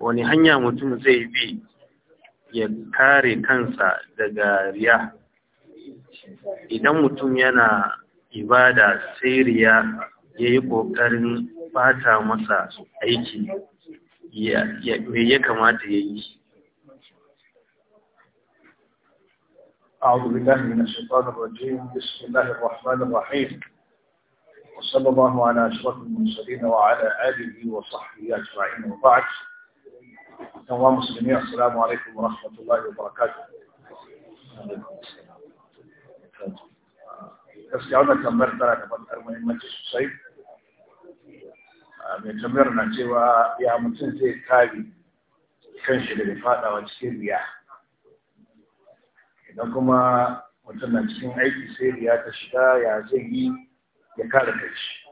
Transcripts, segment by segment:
wani hanya mutum zai bi ya kare kansa daga riya idan mutum yana ibada sai riya ya yi ƙoƙarin bata masa aiki mai ya kamata ya yi أعوذ بالله من الشيطان الرجيم بسم الله الرحمن الرحيم وصلى الله على أشرف المرسلين وعلى آله وصحبه أجمعين وبعد yanwa musulmi assalamu alaikum wa rahmatullahi wa gaskiya wannan tambayar tana da matuƙar muhimmanci sosai ah, mai tambayar na cewa ya mutum zai kare kanshi daga fadawa cikin riya idan kuma mutum na cikin aiki sai riya ta shiga ya zai yi ya kare kanshi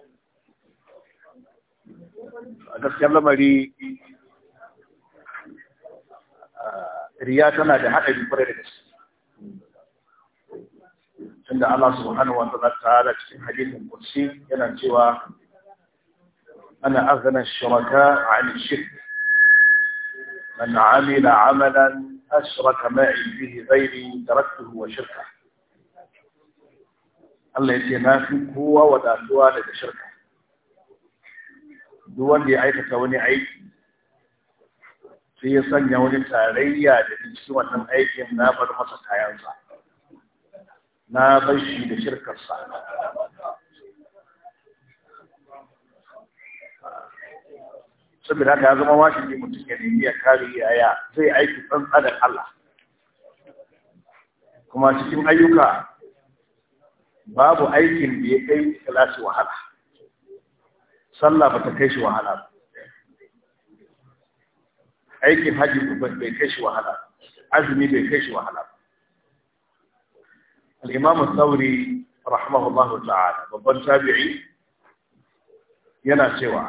a gaskiyar lamari رياتنا ده حتى يبرز عند الله سبحانه وتعالى في حديث قدسي كان جوا أنا أغنى الشركاء عن الشرك من عمل عملا أشرك معي به غيري تركته وشركه الله يتناسي قوة ودعوة شركه دون دي عيك توني عيك sai ya sanya wani tarayya da shi wannan aikin na bar masa kayansa na bar shi da shirkarsa saboda haka ya zama wajibi mutum ya nemi ya kare yaya zai aiki tsantsa tsadar Allah kuma cikin ayyuka babu aikin da ya kai kalashi wahala sallah ba ta kai shi wahala ba aikin haji bai kai shi wahala azumi bai kai shi wahala al-imam al-thawri rahimahullahu ta'ala babban tabi'i yana cewa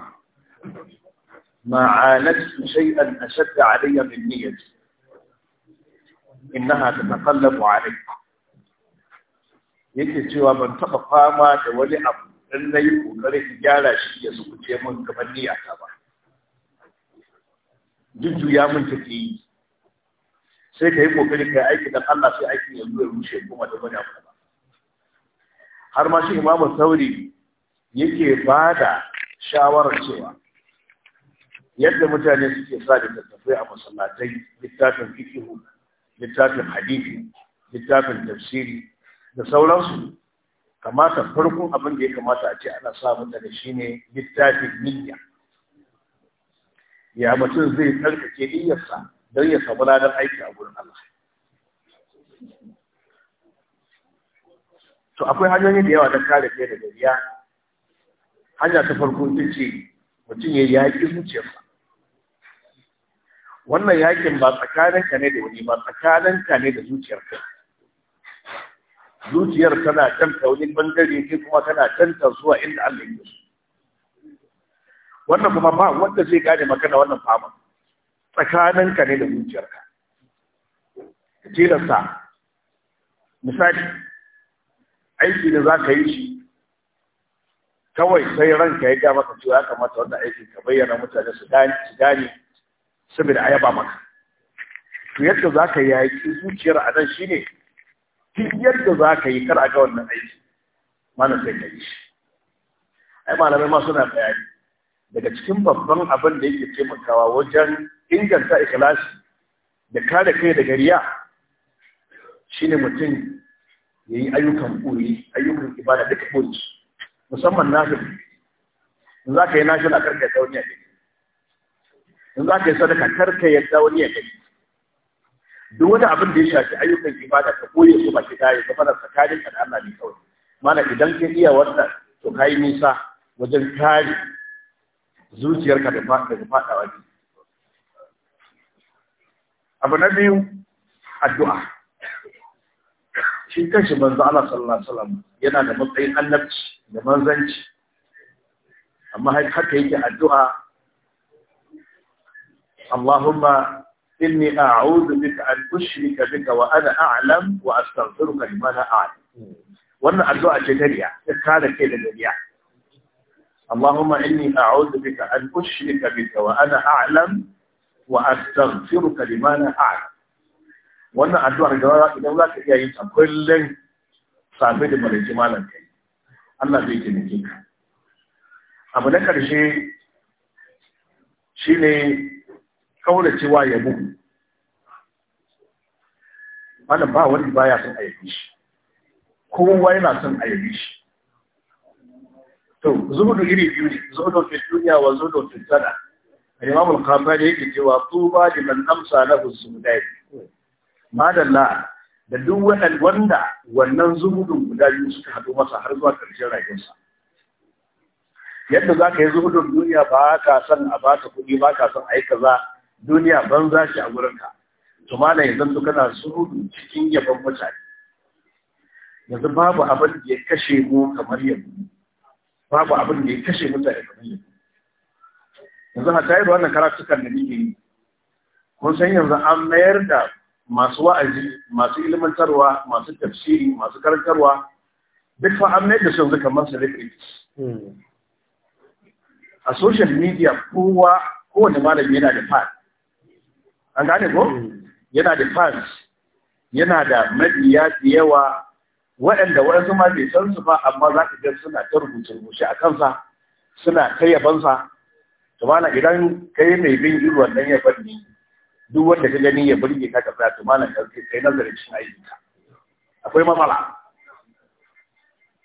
ma عانت shay'an أشد 'alayya min niyyati innaha تتقلب علي yake cewa ban taba fama da wani abu dan nayi yi gyara shi ya zukuce mun kamar niyyata ba jujjuya mun take yi sai ka yi kokari ka yi aiki dan Allah sai aiki ya zuwa rushe kuma da wani abu har ma shi imamu sauri yake ba da shawarar cewa yadda mutane suke sa da tattafai a masallatai littafin fikihu littafin hadisi littafin tafsiri da sauransu kamata farkon abin da ya kamata a ce ana sa mutane shine littafin niyya ya mutum zai tsarkake niyyarsa don ya samu ranar aiki a gurin Allah to akwai hanyoyi da yawa na kare kai daga riya hanya ta farko ita ce mutum ya yaƙi zuciyarsa wannan yakin ba tsakaninka ne da wani ba tsakaninka ne da zuciyarka zuciyar tana canta wani bangare ne kuma tana canta zuwa inda Allah ya so wannan kuma ba wanda zai gane maka da wannan fama tsakaninka ne da zuciyarka tilasta misali aiki da za ka yi shi kawai sai ranka ya ga maka cewa ya kamata wannan aikin ka bayyana mutane su gane su gane saboda ayaba maka to yadda za ka yaƙi zuciyar a nan shine duk yadda za ka yi kar a ga wannan aiki mana sai ka yi shi ai malamai ma suna bayani daga cikin babban abin da yake taimakawa wajen inganta ikilasi da kare kai daga riya shine mutum ya yi ayyukan ƙuri ayyukan ibada duka ɓoye musamman nashin in za ka yi nashin a karka yadda wani ya in za ka yi sadaka karka yadda wani ya duk wani abin da ya shafi ayyukan ibada ka ɓoye su ba ki kare ka fara tsakanin ka da Allah ne kawai mana idan ka iya wannan to ka yi nisa wajen kare zuciyarka da daga faɗawa ne. Abu na biyu, addu’a. Shi kan shi manzo Allah sallallahu Alaihi yana da matsayin annabci da manzanci, amma har haka yake addu’a, Allahumma inni a'udhu bika an ushrika bika wa ana a'lam wa astaghfiruka limana a'lam wannan addu'a ce ta riya ta kare kai daga riya اللهم إني أعوذ بك أن أشرك بك وأنا أعلم وأستغفرك لما لا أعلم wannan addu'ar idan za ka iya yin ta kullum safe da maraice malam kai Allah zai taimake abu na karshe shine kauracewa yabo malam ba wani baya son a shi kowa yana son a shi to zuhudu iri biyu ne zuhudu duniya wa zuhudu fi sana al khafari yake cewa tuba liman amsa lahu zuhudai madalla da duk wannan wanda wannan zuhudun guda biyu suka haɗu masa har zuwa ƙarshen rayuwarsa yadda za ka yi zuhudun duniya ba ka san a baka kuɗi ba ka san ai kaza duniya ban za shi a wurinka, to malam yanzu kana zuhudu cikin yaban mutane yanzu babu abin da ya kashe mu kamar yanzu. babu abin da ya kashe mutane kamar yanzu? yanzu a tayar wannan karatukan da nike yi kun san yanzu an mayar da masu wa'azi masu ilmantarwa masu tafsiri masu karantarwa duk fa an mayar da su yanzu kamar celebrities a social media kowa kowane malami yana da fan an gane ko hmm. yana da fans yana da mabiya da yawa waɗanda waɗansu ma bai san su ba amma za ka ga suna ta rubuce rubuce a kansa suna ta yabansa to malam idan kai mai bin iri wannan yabon ne duk wanda ka gani ya burge ka ka tsaya to ka kai kai nazarin shi aiki akwai matsala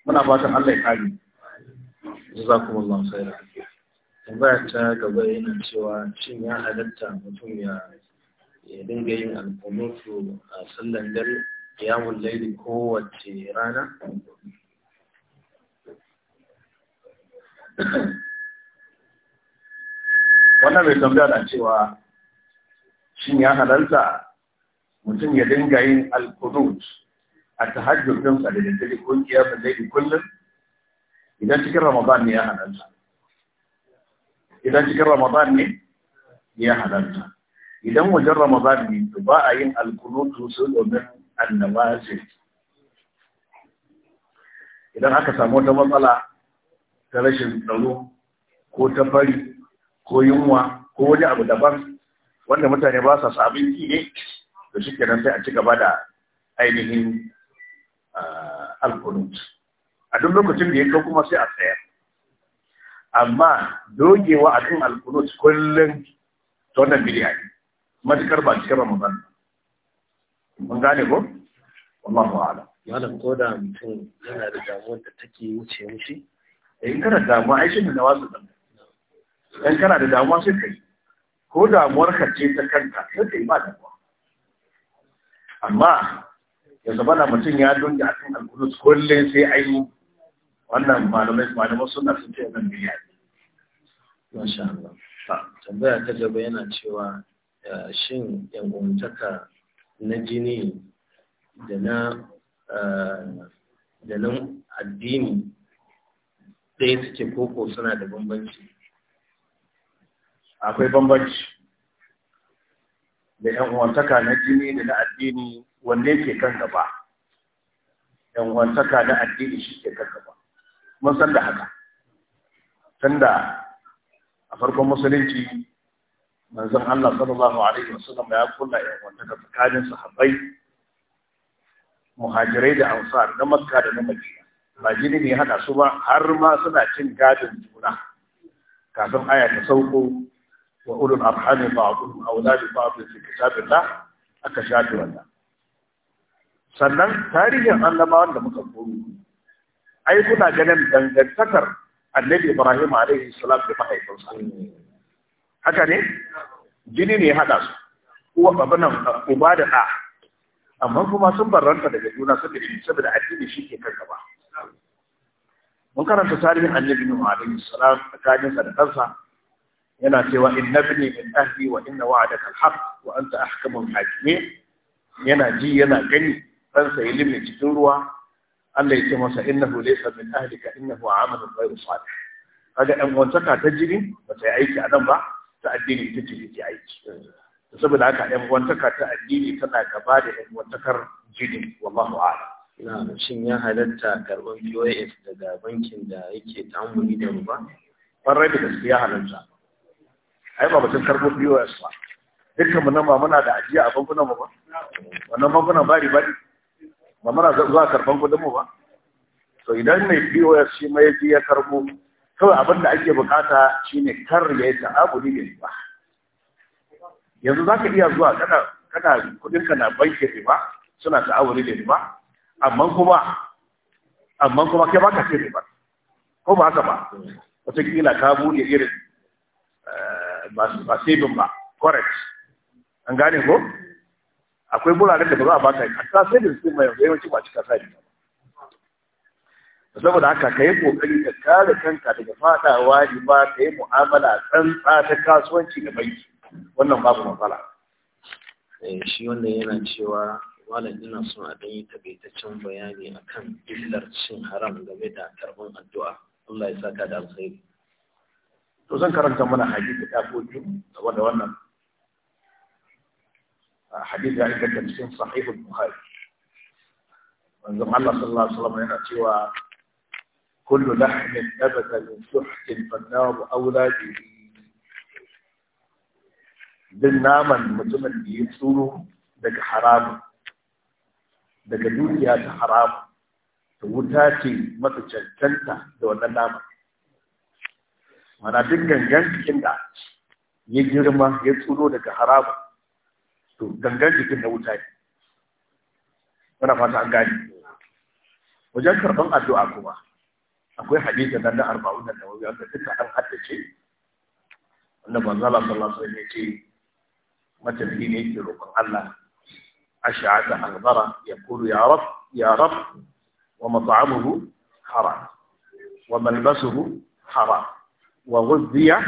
muna fatan Allah ya kare jazakumullahu khairan tambaya ta gaba yana cewa shin ya halatta mutum ya dinga yin alkunutu a sallan dare kiyamun laili kowace rana wannan mai tambaya na cewa shin ya halarta mutum ya dinga yin alkunut a tahajjud din sa da daddare ko kiyamun laili kullum idan cikin ramadan ne ya halarta idan cikin ramadan ne ya halarta idan wajen ramadan ne ba a yin alkunutu su domin annawazir idan aka samu wata matsala ta rashin tsaro ko ta fari ko yunwa ko wani abu daban wanda mutane ba sa samun ki ne da shi sai a ci gaba da ainihin alkunut a duk lokacin da ya kai kuma sai a tsayar. amma dogewa akan alkunut kullum ta wannan bidiya matukar ba cikin ramadan mun gane ko wallahu a'lam malam ko da mutum yana da damuwar da take wuce mushi eh, in kana da damuwa ai da wasu dan dan kana da damuwa sai kai ko damuwar ka ce ta kanka sai kai ba damuwa amma ya zaba na mutum ya dunga akan alkulus kullum sai ai wannan malamai malamai suna sun ce zan biya masha Allah tambaya ta gaba yana cewa eh, shin yan gwamnataka na jini da na eh, da nan addini ɗaya suke koko suna da bambanci akwai bambanci da yan uwantaka na jini da na addini wanne ke kan gaba yan uwantaka na addini shi ke kan gaba mun san da haka tunda a farkon musulunci manzon Allah sallallahu alaihi wasallam ya kula ya wanda da tsakanin sahabbai muhajirai da ansar na makka da na madina ba jini ne hada su ba har ma suna cin gadin juna kafin aya ta sauko wa ulul arhami ba'dhum awla ba'd fi kitabillah aka shafi wannan sannan tarihin annabawan da muka koyo ai kuna ganin dangantakar annabi Ibrahim alaihi salam da mahaifinsa haka ne jini ne ya haɗa su kuwa babu nan uba da ɗa amma kuma sun barranta daga juna saboda shi saboda addini shi ke kan gaba mun karanta tarihin annabi nuhu alaihi salam tsakanin sa da ɗansa yana cewa inna bini min ahli wa inna wa'adaka alhaq wa anta ahkamul hakimin yana ji yana gani ɗansa ya limin cikin ruwa Allah ya ce masa innahu laysa min ahlika innahu amalun ghayru salih kaga an wantaka ta jini ba sai aiki a nan ba ta addini ta ce take aiki saboda haka yan wantaka ta addini tana gaba da yan wantakar jini wallahu a'lam na shin ya halatta karɓar POS daga bankin da yake amuri da ruba farai da gaske ya halatta ai ba mutum karɓar POS ba dukkan mu nan ba muna da ajiya a bankunan mu ba wannan bankunan bari bari ba muna zuwa karɓar kudin mu ba to idan mai POS shi mai ya karɓo. kawai abin da ake bukata shine kar ya yi ta'abudi da ba yanzu za ka iya zuwa kana kana kudin ka na banki riba suna ta'abudi da riba amma kuma amma kuma kai baka ce riba ko ba haka ba wataƙila ka bude irin eh, ba saving ba correct an gane ko akwai bulalar da ba za a baka a sa saving din mai yawanci ba cika sa riba saboda haka ka yi kokari ka kare kanka daga fadawa ba ka yi mu'amala tsantsa ta kasuwanci da banki wannan babu matsala eh, shi wannan yana cewa malam ina son a ɗanyi taƙaitaccen bayani akan illar cin haram game da karɓar addu'a Allah ya saka da alkhairi to zan karanta mana hadisi da ko saboda wannan hadisi ya inganta cikin sahihul Buhari. manzon Allah sallallahu alaihi wasallam yana cewa كل لحم نبت من سحت فالنار أولى به din naman mutumin da ya tsoro daga haramu daga dukiya ta haramu ta wuta ce masa cancanta da wannan naman mana duk gangan jikin da ya girma ya tsoro daga haramu to gangan jikin na wuta ne muna fata an gani wajen karɓar addu'a kuma akwai hadisi na na arba'un nan da wani wanda duka an haddace wanda manzo Allah sallallahu alaihi wasallam ya ce matafi ne ke roƙon Allah ash'ata al-bara ya rab ya rab wa mat'amuhu haram wa malbasuhu haram wa ghudhiya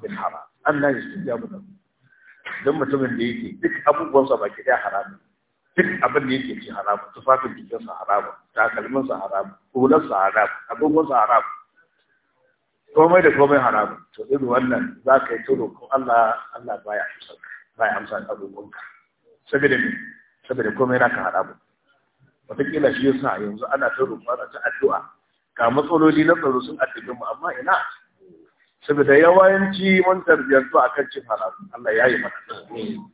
bil haram Allah ya shi ya mutum don mutumin da yake duk abubuwansa baki da haramun duk abin da yake ci haramu tufafin sa haramu takalminsa haramu hularsa haramu agogonsa haramu komai da komai haramu to irin wannan za ka yi tudu ko Allah Allah baya amsa baya amsa abubuwanka saboda me saboda komai naka haramu wataƙila shi yasa yanzu ana ta roƙo ana ta addu'a ga matsaloli na tsaro sun addabe mu amma ina saboda yawanci mun tarbiyyantu akan cin haramu Allah ya yi mana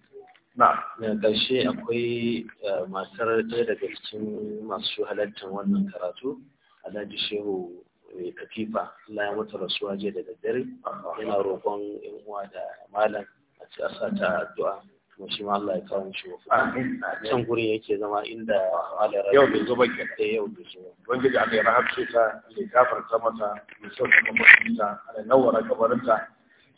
na ƙarshe akwai eh, matar ɗaya daga cikin masu halartar wannan karatu alhaji shehu mai katifa Allah ya mata rasuwa jiya da daddare yana roƙon yan uwa da malam a ci asa ta addu'a kuma shi ma Allah ya kawo shi wa can gurin yake zama inda malam yau bai zo ke da eh, yau da aka yi rahab ta ya gafarta mata ta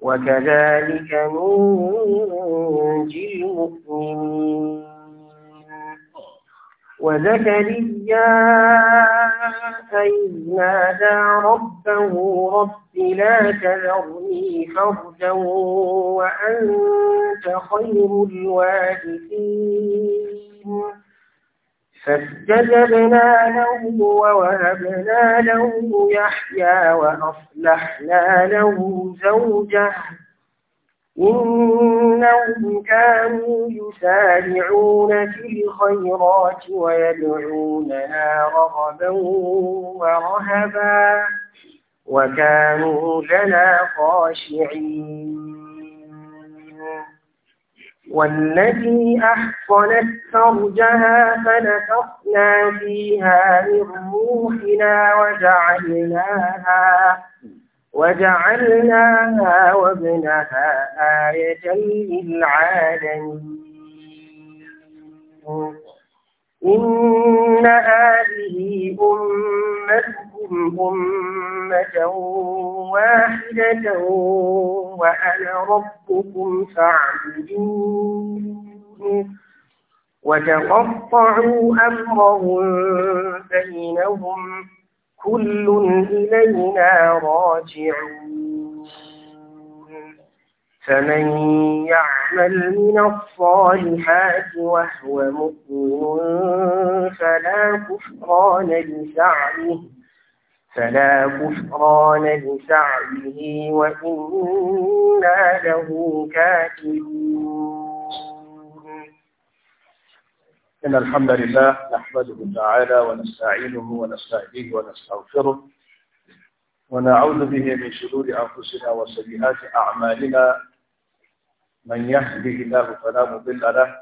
وكذلك ننجي المؤمنين وزكريا إذ نادى ربه رب لا تذرني فردا وأنت خير الوارثين فاستجبنا له ووهبنا له يحيى وأصلحنا له زوجه إنهم كانوا يسارعون في الخيرات ويدعوننا رغبا ورهبا وكانوا لنا خاشعين والتي أحصنت فرجها فنفخنا فيها من روحنا وجعلناها وجعلناها وابنها آية للعالمين إن هذه أمتكم أمة واحدة وأنا ربكم فاعبدون وتقطعوا أمرهم بينهم كل إلينا راجعون فمن يعمل من الصالحات وهو مؤمن فلا كفران لسعيه فلا كفران لسعيه وإنا له كاتبون إن الحمد لله نحمده تعالى ونستعينه ونستهديه ونستغفره ونعوذ به من شرور أنفسنا وسيئات أعمالنا من يهده الله فلا مضل له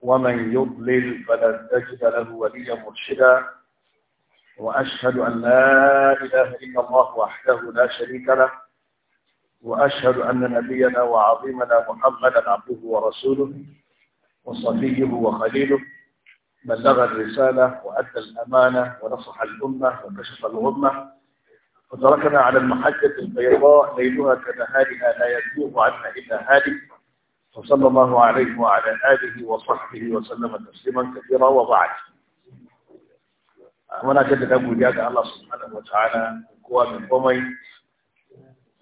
ومن يضلل فلن تجد له وليا مرشدا وأشهد أن لا إله إلا الله وحده لا شريك له وأشهد أن نبينا وعظيمنا محمدا عبده ورسوله وصفيه وخليله بلغ الرسالة وأدى الأمانة ونصح الأمة وكشف الغمة وتركنا على المحجة البيضاء ليلها كنهارها لا يزيغ عنا إلا هادي وصلى الله عليه وعلى آله وصحبه وسلم تسليما كثيرا وبعد muna da godiya ga Allah subhanahu wataala kowa mai komai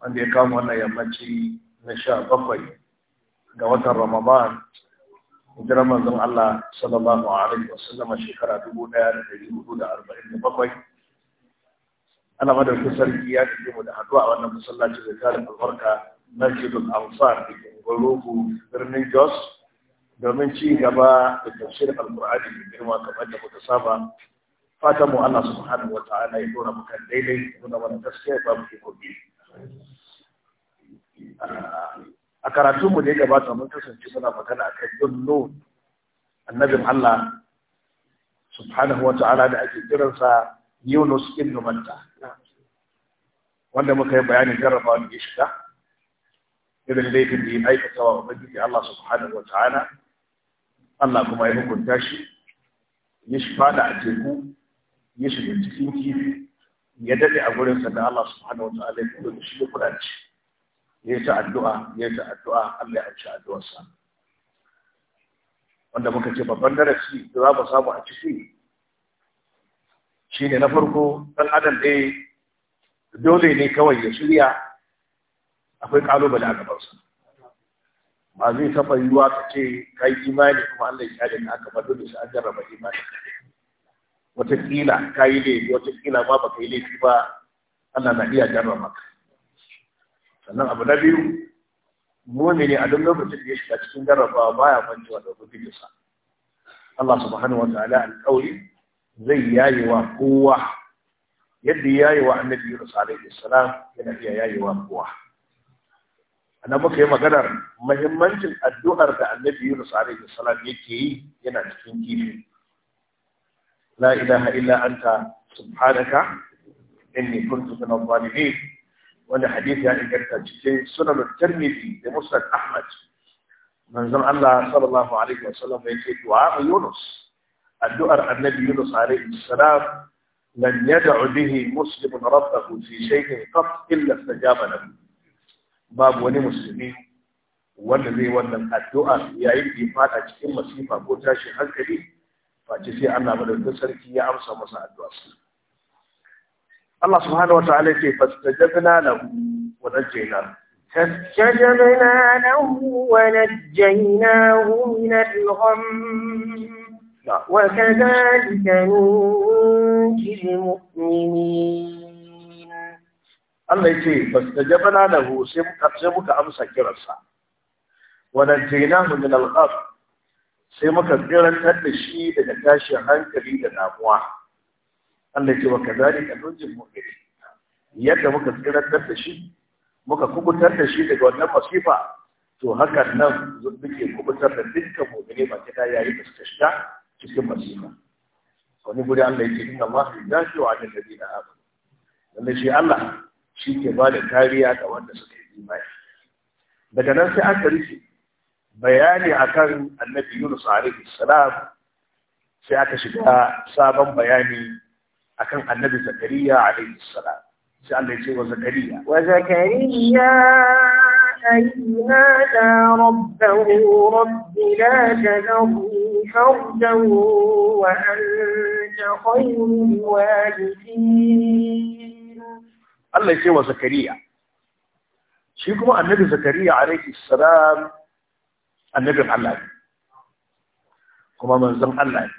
wanda ya kama wannan yammaci na sha bakwai ga watan Ramadan hijirar manzon Allah sallallahu alaihi sallam shekara dubu ɗaya da ɗari hudu da arba'in da bakwai ana madaukin sarki ya kike mu da haɗuwa a wannan masallaci da tarin albarka masjidul ansar da ke gwarogo birnin jos domin ci gaba da tafsirin al-Qur'ani da girma kamar da muka saba fata mu Allah subhanahu wata'ala ya dora mu daidai nuna mana gaskiya ba mu iko bi a karatun mu da gabata mun kasance muna magana akan no annabi Allah subhanahu wata'ala da ake kiransa Yunus ibn Matta wanda muka yi bayanin jarrabawa ya shiga irin laifin da ya aikata wa Ubangiji Allah subhanahu wata'ala Allah kuma ya hukunta shi ya shi fada a teku ya shiga cikin kifi ya dade a gurin sa da Allah subhanahu wataala ya kuma shi ya kudace ya ta addu'a ya ta addu'a Allah ya ci addu'ar sa wanda muka ce babban darasi da za mu samu a ciki shine na farko dan adam ɗaya dole ne kawai ya shirya akwai kalubale a gabansa ba zai taɓa yiwuwa ka ce ka yi imani kuma Allah ya kyale ka ba dole sai an jarraba imani watakila ka yi laifi watakila ma ba ka yi laifi ba Allah na iya jarra maka sannan abu na biyu ne a duk lokacin da ya shiga cikin jarrabawa baya kwancewa da ubangijinsa Allah subhanahu wa ta'ala alƙawli zai yayewa kowa yadda ya wa annabi Yunus alaihi salam yana iya yayewa kowa ana muka yi maganar mahimmancin addu'ar da annabi Yunus alaihi salam yake yi yana cikin kifi لا إله إلا أنت سبحانك إني كنت من الظالمين wani hadithi ya inganta cikin sunan tarmidi da musnad ahmad manzon allah sallallahu alaihi wasallam yake du'a yunus addu'ar annabi yunus alaihi salam lan yad'u bihi muslim rabbahu fi shay'in qat illa stajaba lahu babu wani musulmi wanda zai wannan addu'a yayin da ya cikin masifa ko tashin hankali face sai Allah da sarki ya amsa masa addu'a Allah subhanahu wataala yake fastajabna lahu wa najjayna فاستجبنا له ونجيناه من الغم وكذلك ننجي المؤمنين الله يتي sai muka amsa kiransa. Wa كرسا ونجيناه من الغم sai muka tsirantar da shi daga tashin hankali da damuwa Allah ce zari kazalika dojin mu'minin yadda muka tsirantar da shi muka kubutar da shi daga wannan masifa to hakan nan muke kubutar da dukkan mu'mini ba ta yayi da suka shiga cikin masifa wani guri Allah yake inna Allah yudafi wa alal ladina amanu lalle shi Allah shi ke ba da kariya ga wanda suka yi imani daga nan sai aka rufe بياني أكان النبي يونس عليه السلام سيأكشف سابا بياني أكان النبي زكريا عليه السلام سأل لي شيء وزكريا وزكريا أيها لا ربه رب لا تذرني فردا وأنت خير الوالدين الله يسوى زكريا شيكم أن النبي زكريا عليه السلام annabin Allah ne kuma manzon Allah ne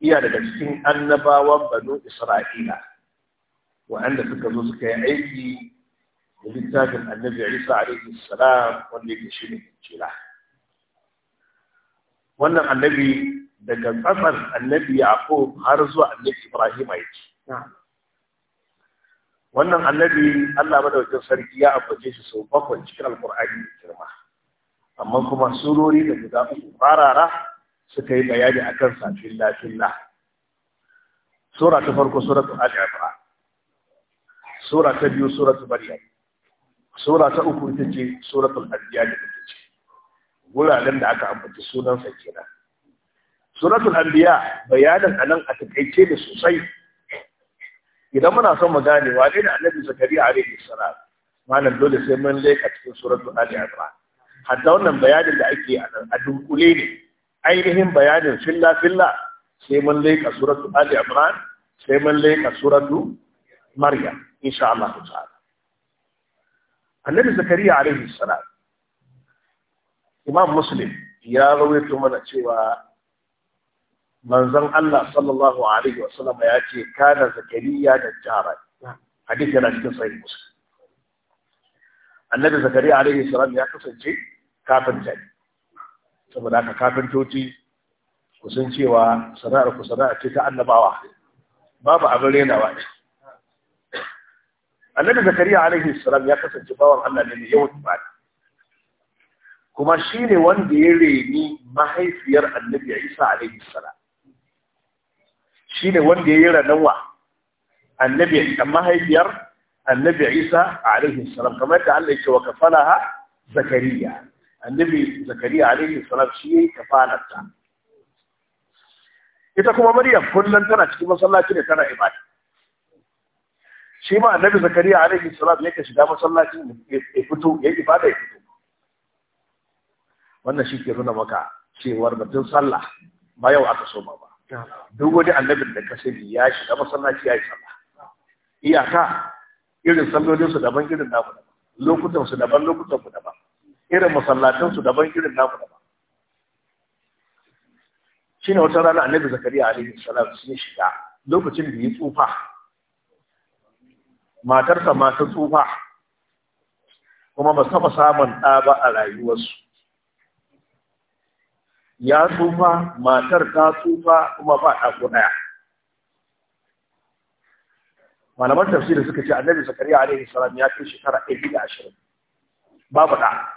iya daga cikin annabawan banu Isra'ila wa'anda suka zo suka yi aiki da littafin annabi Isa alaihi salam wanda yake shi ne kira wannan annabi daga tsatsar annabi Yaqub har zuwa annabi Ibrahim yake wannan annabi Allah madaukakin sarki ya ambace shi sau bakwai cikin Alƙur'ani mai girma amma kuma surori da guda uku farara suka yi bayani akan sa filla filla sura ta farko sura ta imran sura ta biyu ta maryam sura ta uku ita ce ta al'adiyya da ita ce wuraren da aka ambaci sunan sa sura ta al'adiyya bayanin anan a takaice da sosai idan muna son mu gane wa ne annabi zakariya alaihi salam malam dole sai mun leka cikin sura ta al'adiyya hatta wannan bayanin da ake a dunkule ne ainihin bayanin filla filla sai mun laika suratu ali imran sai mun laika suratu maryam insha Allah ta'ala annabi zakariya alaihi salam imam muslim ya rawaito mana cewa manzon Allah sallallahu alaihi wasallam ya ce kana zakariya da jara hadisi yana cikin sahih muslim annabi zakariya alaihi salam ya kasance kafinta ne saboda haka kafintoci ku san cewa sana'ar ku sana'a ce ta annabawa babu abin renawa ce annabi zakariya alaihi salam ya kasance bawan Allah ne mai yawan ba kuma shi ne wanda ya reni mahaifiyar annabi isa alaihi salam shi ne wanda ya yi ranawa annabi mahaifiyar annabi isa alaihi salam kamar da Allah ya ce wa kafalaha zakariya annabi zakariya alaihi salam shi yayi ta ita kuma maryam kullum tana cikin masallaci ne tana ibada shi ma annabi zakariya alaihi salam yake shiga masallaci ya fito ya ibada ya fito wannan shi ke nuna maka cewar batun sallah ba yau aka soma ba duk wani annabin da ka sani ya shiga masallaci ya yi sallah iyaka irin sallolinsu daban irin namu daban lokutansu daban lokutansu daban irin masallatansu daban irin naku daban shi ne wata rana annabi zakariya alaihi salatu sun shiga lokacin da ya tsufa matarsa ma ta tsufa kuma ba saba samun ɗa ba a rayuwarsu ya tsufa matar ta tsufa kuma ba ɗaku ɗaya malaman tafsiri suka ce annabi zakariya alaihi salam ya kai shekara 120 babu ɗa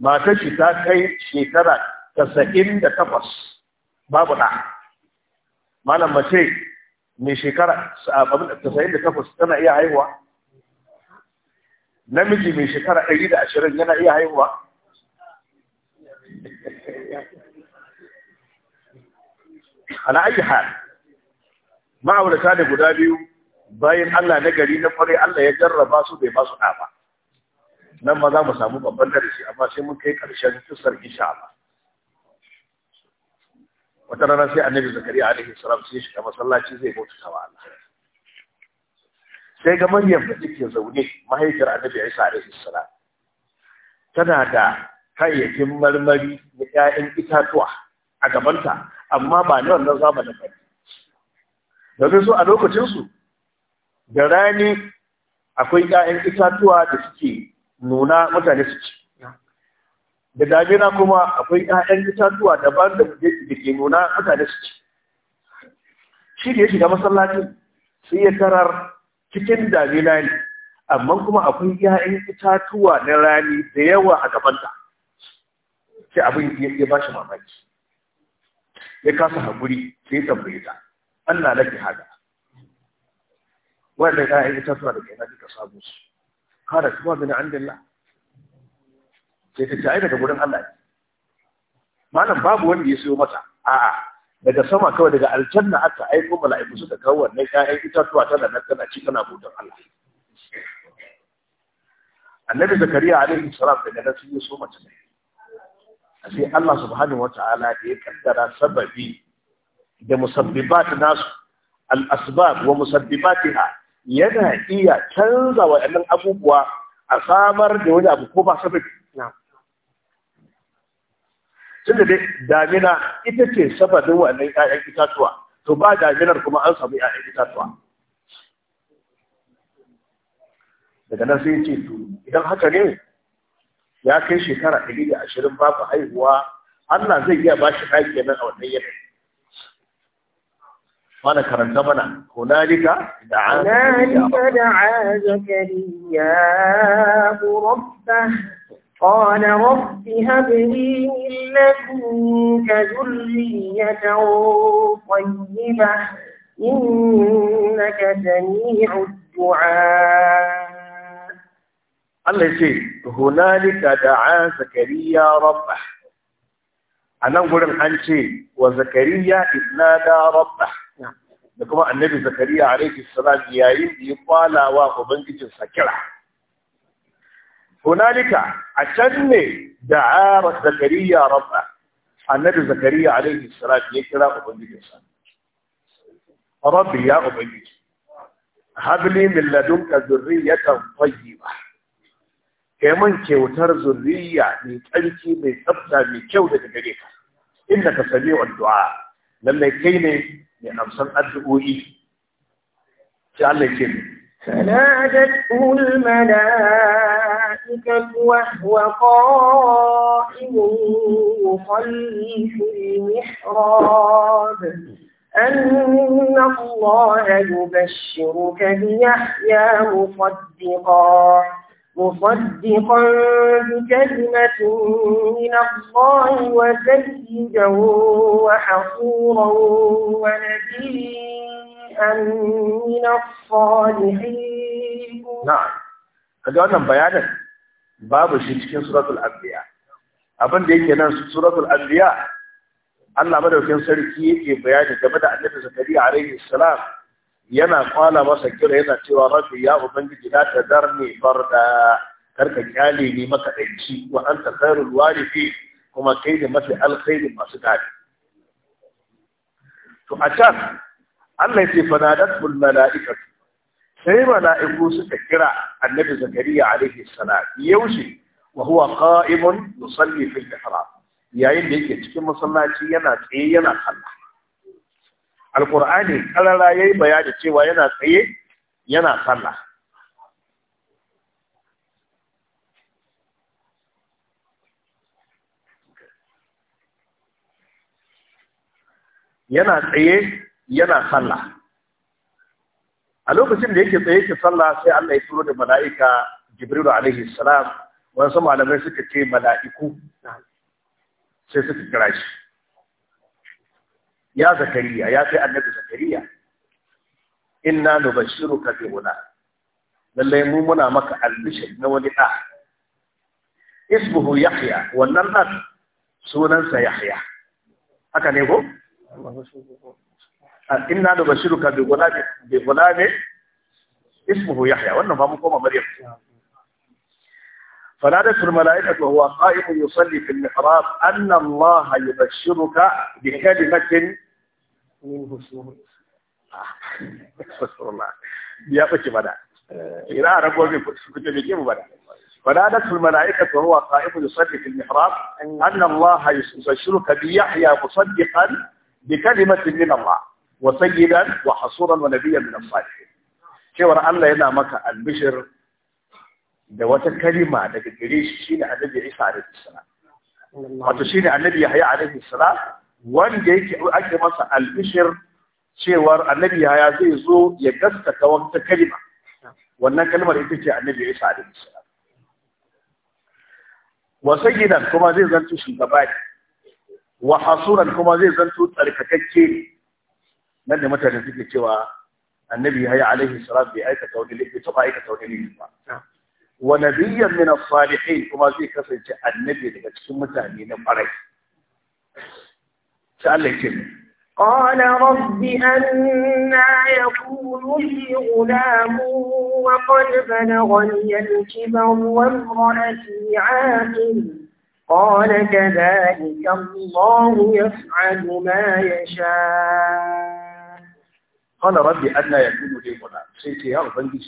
Mata shi ta kai shekara tasa'in da takwas babu ɗa malam mace mai shekara tasa'in da takwas tana iya haihuwa namiji mai shekara ɗari da ashirin yana iya haihuwa ana ayi hal ma'aurata ne guda biyu bayan Allah na gari na kwarai Allah ya jarraba su bai ba su ɗa ba nan ma za mu samu babban darasi amma sai mun kai ƙarshen kisar insha Allah wata rana sai annabi zakariya alaihi salam sai shiga masallaci zai bauta tawa wa Allah sai ga maryam da take zaune mahaifiyar annabi isa alaihi salam tana da kayayyakin marmari da ƴaƴan itatuwa a gabanta amma ba na wannan zamanin ba domin su a lokacinsu da rani akwai ƴaƴan itatuwa da suke nuna mutane su ci da damina kuma akwai 'ya'yan itatuwa daban da ke nuna mutane su ci shi da ya shiga masallacin sai ya tarar cikin damina ne amma kuma akwai 'ya'yan itatuwa na rani da yawa a gabanta sai abin ya ba shi mamaki ya kasa haƙuri sai tambaye ta Allah ke haɗa. wannan 'ya'yan itatuwa da ke na duka samu su kada kuma an dilla. sai ta ce ai daga gurin Allah ne malam babu wanda ya siyo mata a'a daga sama kawai daga aljanna aka aiko mala'iku suka kawo wannan ƴaƴan itatuwa tana nan tana ci tana godon Allah annabi zakariya alaihi salam daga nan sun yi so mace ne sai Allah subhanahu wata'ala da ya kaddara sababi da musabbibat nasu al asbab wa musabbibatiha yana iya canza waɗannan abubuwa a samar da wani abu ko ba sabbi na tunda dai damina ita ce sabadin waɗannan 'ya'yan itatuwa to ba daminar kuma an samu 'ya'yan itatuwa daga nan sai ce to idan haka ne ya kai shekara ɗari da ashirin babu haihuwa Allah zai iya ba shi ɗaki nan a wannan yanayi قال كرمت بنا هنالك دعا هنالك دعا زكريا ربه قال رب هب لي من لدنك ذرية طيبة إنك سميع الدعاء الله يسير هنالك دعا زكريا ربه أنا أقول الحنشي وزكريا إذ نادى ربه da kuma annabi zakariya alaihi salam yayin da ya kwala wa ubangijin sakira. kira hunalika a can ne da ara zakariya rabba annabi zakariya a laifin salam ya kira ubangijin sa rabbi ya ubangiji habli min ladunka ba, ka yi man kyautar zurriya mai tsarki mai tsafta mai kyau daga gare ka sami wa du'a lallai kai ne mai amsan addu'o'i sai Allah ke فنادته الملائكة وهو قائم يصلي في المحراب أن الله يبشرك بيحيى مصدقا مصدقا بكلمة من الله وسيدا وحصورا ونبيا من الصالحين نعم kaga wannan bayanin babu shi cikin suratul abin da yake nan suratul anbiya Allah madaukakin sarki yake bayani game da annabi Zakariya alaihi salam yana kwala masa kira yana cewa rabbi ya ubangiji la tadarni barda karka kyale ni maka danci wa anta khairul warisi kuma kai da mafi alkhairin masu dadi to a can Allah ya ce fanadatul malaikatu sai mala'iku suka kira annabi zakariya alaihi salam yaushe wa huwa qa'imun yusalli fil ihram yayin da yake cikin masallaci yana tsaye yana sallah alkur'ani ya yi bayani cewa yana tsaye yana sallah yana tsaye yana sallah a lokacin da yake tsaye ke sallah sai Allah ya turo da mala'ika Jibrilu alaihi salam wasu malamai suka ce mala'iku sai suka kira shi ya zakariya ya kai annabi zakariya inna nubashiruka bi huna lallai mu muna maka albishir na wani da ismuhu yahya wannan da sunansa yahya haka ne ko inna nubashiruka bi gulamin bi gulamin ismuhu yahya wannan ba mu koma maryam فنادته الملائكة وهو قائم يصلي في المحراب أن الله يبشرك بكلمة min husuhun ya bace bada eh, ina a rago bai kuta bai mu bada فنادته الملائكة وهو قائم يصلي في المحراب أن الله يبشرك بيحيى مصدقا بكلمة من الله وسيدا وحصورا ونبيا من الصالحين. cewar Allah yana maka albishir da wata kalima daga gare shi shine Annabi Isa alaihi salam. Wato shine Annabi Yahya alaihi salam wanda yake ake masa albishir cewar annabi ya zai zo ya gaskata wata kalma wannan kalmar ita ce annabi Isa alaihi salam gidan kuma zai zanto shugaba ne wa hasuran kuma zai zanto tsarkakakke ne nan da mutane suke cewa annabi ya alaihi salam bai aikata wani laifi ta aikata wani laifi ba wa nabiyyan min as-salihin kuma zai kasance annabi daga cikin mutane na farai سأل كلمة قال رب أنا يكون لي غلام وقد بلغني الكبر وامرأتي عاقل قال كذلك الله يفعل ما يشاء قال رب أنا يكون لي غلام سيتي يا زي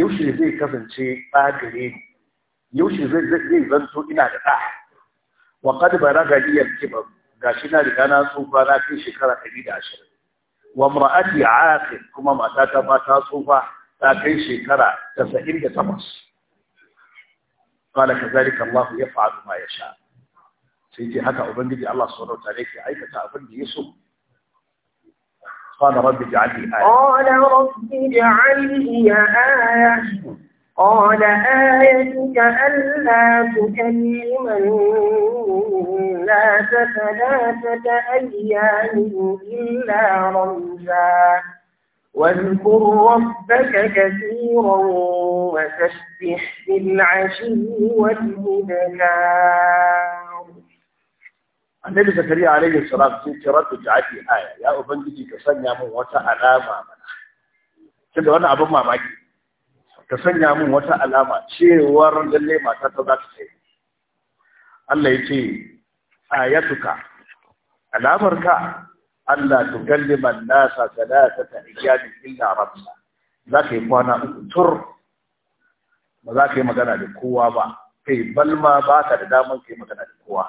yaushe zai زي ɓagare زي yaushe zai زي زي زي ɗa wa qad baraga زي kibar gashi na riga na tsufa na kai shekara ɗari da ashirin wa mura'ati aqil kuma matata ma ta tsufa ta kai shekara tasa'in da takwas qala kadhalika Allah yaf'alu ma yasha sai ce haka ubangiji Allah subhanahu wa ta'ala yake aikata abin da ya so قال رب اجعل لي آية قال رب اجعل لي آية قال آيتك ألا تكلم الناس ثلاثة أيام إلا رمزا واذكر ربك كثيرا وسبح بالعشي والإبكار النبي زكريا عليه الصلاة والسلام رد تعدي آية يا أبنجي كسنيا من وتعلى ما منع كده وانا أبو ما معي ka sanya min wata alama cewar lalle mata ta za ta sai Allah ya ce ayatuka alamarka Allah tu man nasa salatata iyyamin illa rabba za ka yi kwana uku tur ba za ka yi magana da kowa ba kai balma ba ka da damar ka yi magana da kowa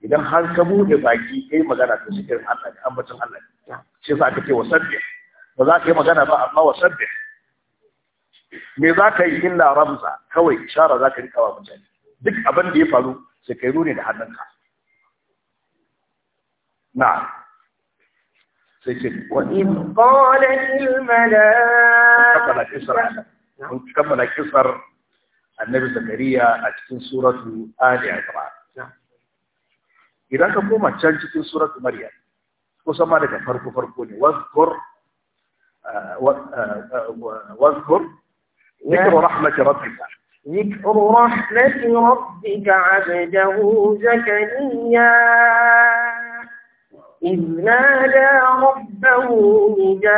idan har ka bude baki ka yi magana da zikirin Allah da ambacin Allah ce sa ka ce wa ba za ka yi magana ba amma wa me za ka yi illa ramza kawai ishara za ka rika wa mutane duk abin da ya faru sai kai nuni da hannunka na sai ce wa in qala lil mala'ika mun kammala kisar annabi zakariya a cikin suratu ali imran idan ka koma can cikin suratu maryam kusan ma daga farko farko ne wazkur eh, eh, eh, wazkur ذكر رحمة ربك ذكر رحمة ربك عبده زكريا إذ نادى ربه نداء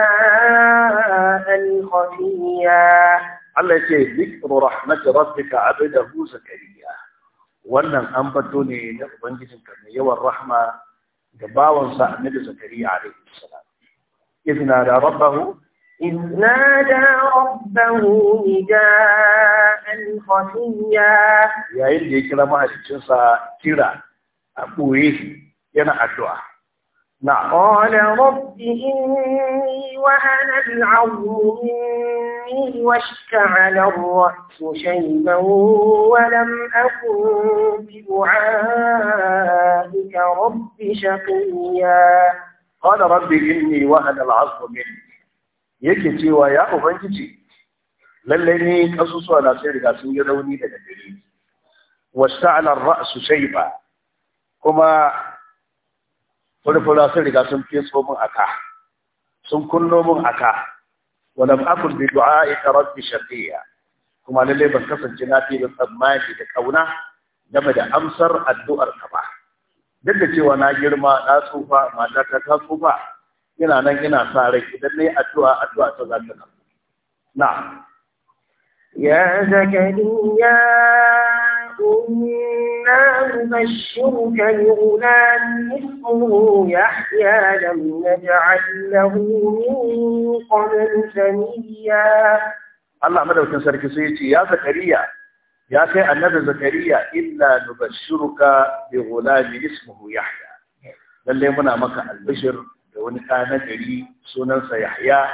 خفيا على شيء ذكر رحمة ربك عبده زكريا وأن أنبتني نقبل جسم كرنية والرحمة قباوا سأمد زكريا عليه السلام إذ نادى ربه إذ نادى ربه نداء خفيا يا إلهي كلام ما هتشنسا أبويه ينا أدعى نعم قال رب إني وأنا العظم مني واشتعل الرأس شيبا ولم أكن بدعائك رب شقيا قال رب إني وأنا العظم مني yake cewa ya ubangiji lallai ne kasusuwa na sai riga sun yi rauni daga gare ni wasta'ala ra'su shayba kuma furfura sun riga sun so min aka sun kunno min aka akun bi du'a'i rabbi shaqiya kuma lallai ban kasance na fi da tsammani da kauna game da amsar addu'ar ka ba duk da cewa na girma na tsufa matata ta tsufa ina nan ina sa rai idan nayi addu'a addu'a ta za ta nan na'am ya zakariya إنا نبشرك بغلام اسمه يحيى لم نجعل له من قبل سميا الله مدوكين سركي سيتي يا زكريا يا كي النبي زكريا إلا نبشرك بغلام اسمه يحيى للي منا مكة البشر wani ɗa na gari sunansa Yahya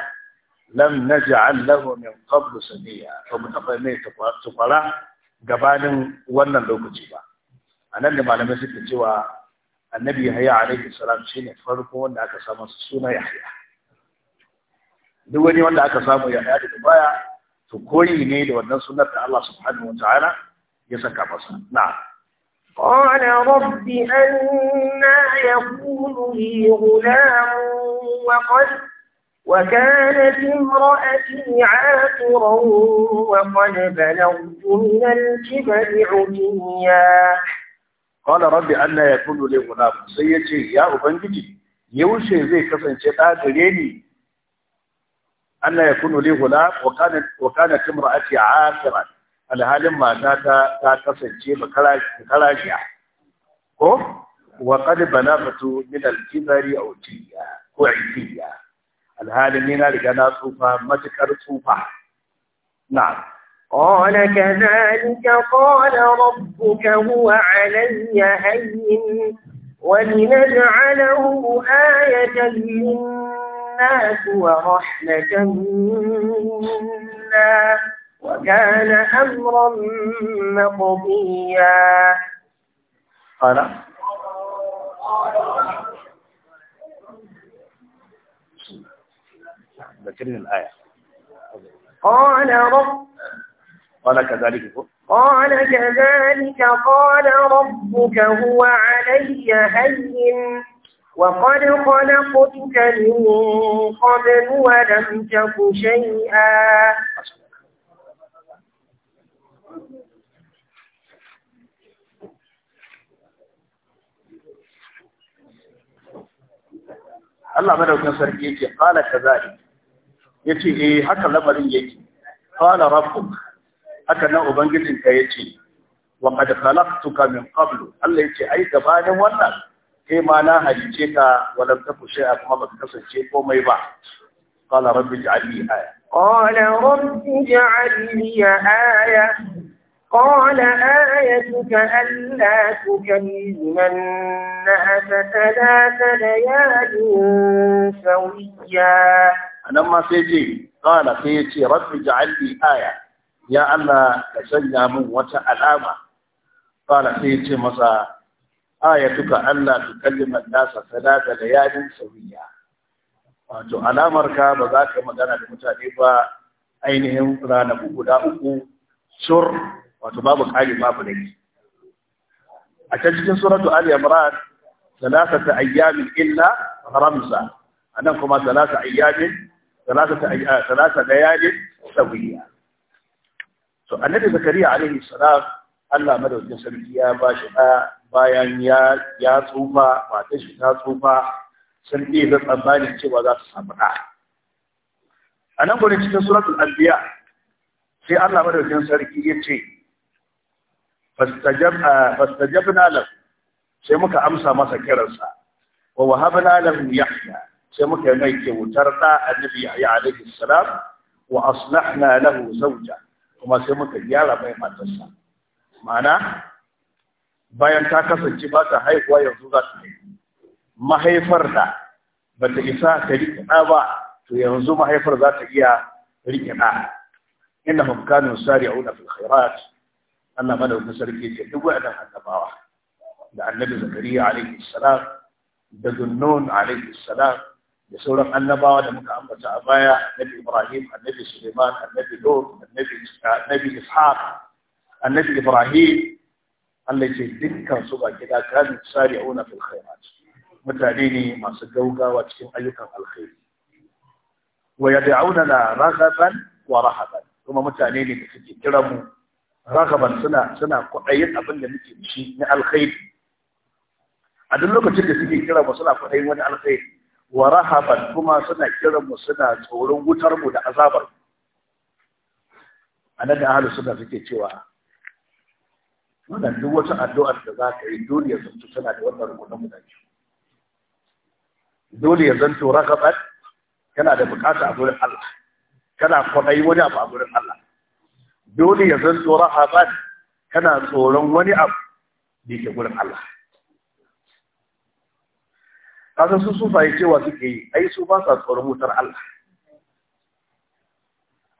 lam naj'al lahu min qablu samiya to mu tafa mai tukwara gabanin wannan lokaci ba anan da malamai suke cewa annabi Yahya alaihi salam shine farko wanda aka samu suna Yahya duk wani wanda aka samu Yahya daga baya to koyi ne da wannan sunar da Allah subhanahu wa ta'ala ya saka masa na'am قال رب أنا يكون لي غلام وقد وكانت امرأتي عاقرا وقد بلغت من الكبر عتيا قال رب أنا يكون لي غلام سيدي يا أبنجي يوشي زي كسن شيطان ليلي أنا يكون لي غلام وكانت وكانت امرأتي عاقرا alhalin mata ta ta kasance ba shi ko wa qad balagatu min al-kibari aw tiya ko tiya alhalin ni na riga na tsufa matakar tsufa na قال كذلك قال ربك هو علي هين ولنجعله آية للناس ورحمة منا وكان أمرا مقضيا قال ذكرني الآية قال رب قال كذلك قال كذلك قال ربك هو علي هين وقد خلقتك من قبل ولم تك شيئا Allah madaukin sarki yake qala kazali yace eh haka lamarin yake qala rabbuk haka nan ubangijin ka yace wa qad khalaqtuka min qablu Allah yace ai gabanin wannan kai ma na halice ka walam taku shay'a kuma baka kasance komai ba qala rabbi aya qala rabbi aya قال آيتك ألا تكلم الناس ثلاث ليال سويا أنا ما سيجي قال سيجي رب اجعل لي آية يا الله تسنى من وتعلامة قال سيجي مسا آيتك ألا تكلم الناس ثلاث ليال سويا wato alamarka ba za ka magana da mutane ba ainihin ranaku guda uku sur wato babu ƙari babu rage a can cikin suratu ali imran salasata ayyamin illa ramsa anan kuma salasa ayyamin salasata ayyamin ah, salasa layalin sawiya to annabi zakariya alaihi salam Allah madaukakin sarki ya ba shi da bayan ya ya tsufa mata shi ta tsufa sun ɗi da tsammanin cewa za su samu da. a nan gurin cikin suratul anbiya sai Allah madaukakin sarki ya ce fastajabna lahu sai muka amsa masa kiransa wa wahabna lahu yahya sai muka mai kyautar da annabi yahya alaihi salam wa aslahna lahu zawja kuma sai muka gyara mai matarsa ma'ana bayan ta kasance ba ta haihuwa yanzu za ta haihu mahaifar da ba ta isa ta riƙe ɗa ba to yanzu mahaifar za ta iya riƙe ɗa innahum kanu sari'una fil khairat Allah madaukakin sarki ce duk waɗannan annabawa da annabi zakariya alaihi salam da dunnun alaihi salam da sauran annabawa da muka ambata a baya annabi ibrahim annabi suleiman annabi lut annabi annabi ishaq annabi ibrahim Allah ce dukkan su ba gida kan sari'una fil khairat mutane ne masu gaugawa cikin ayyukan alkhairi wa yad'una la raghaban wa rahaban kuma mutane ne da suke kiran mu ragaban suna suna kwaɗayin abin da muke shi na alkhairi a duk lokacin da suke kira mu suna kwaɗayin wani alkhairi wa rahaban kuma suna kira mu suna tsoron wutar mu da azabar a nan ahalu suna suke cewa wannan duk wata addu'ar da za ka yi dole ya zanto suna da wannan mu da biyu dole ya zanto ragaban kana da bukata a gurin Allah kana kwaɗayi wani abu a gurin Allah dole ya tsoron rahaban kana tsoron wani abu da ke gurin Allah kasan su fahimci cewa suke yi ai su ba sa tsoron wutar Allah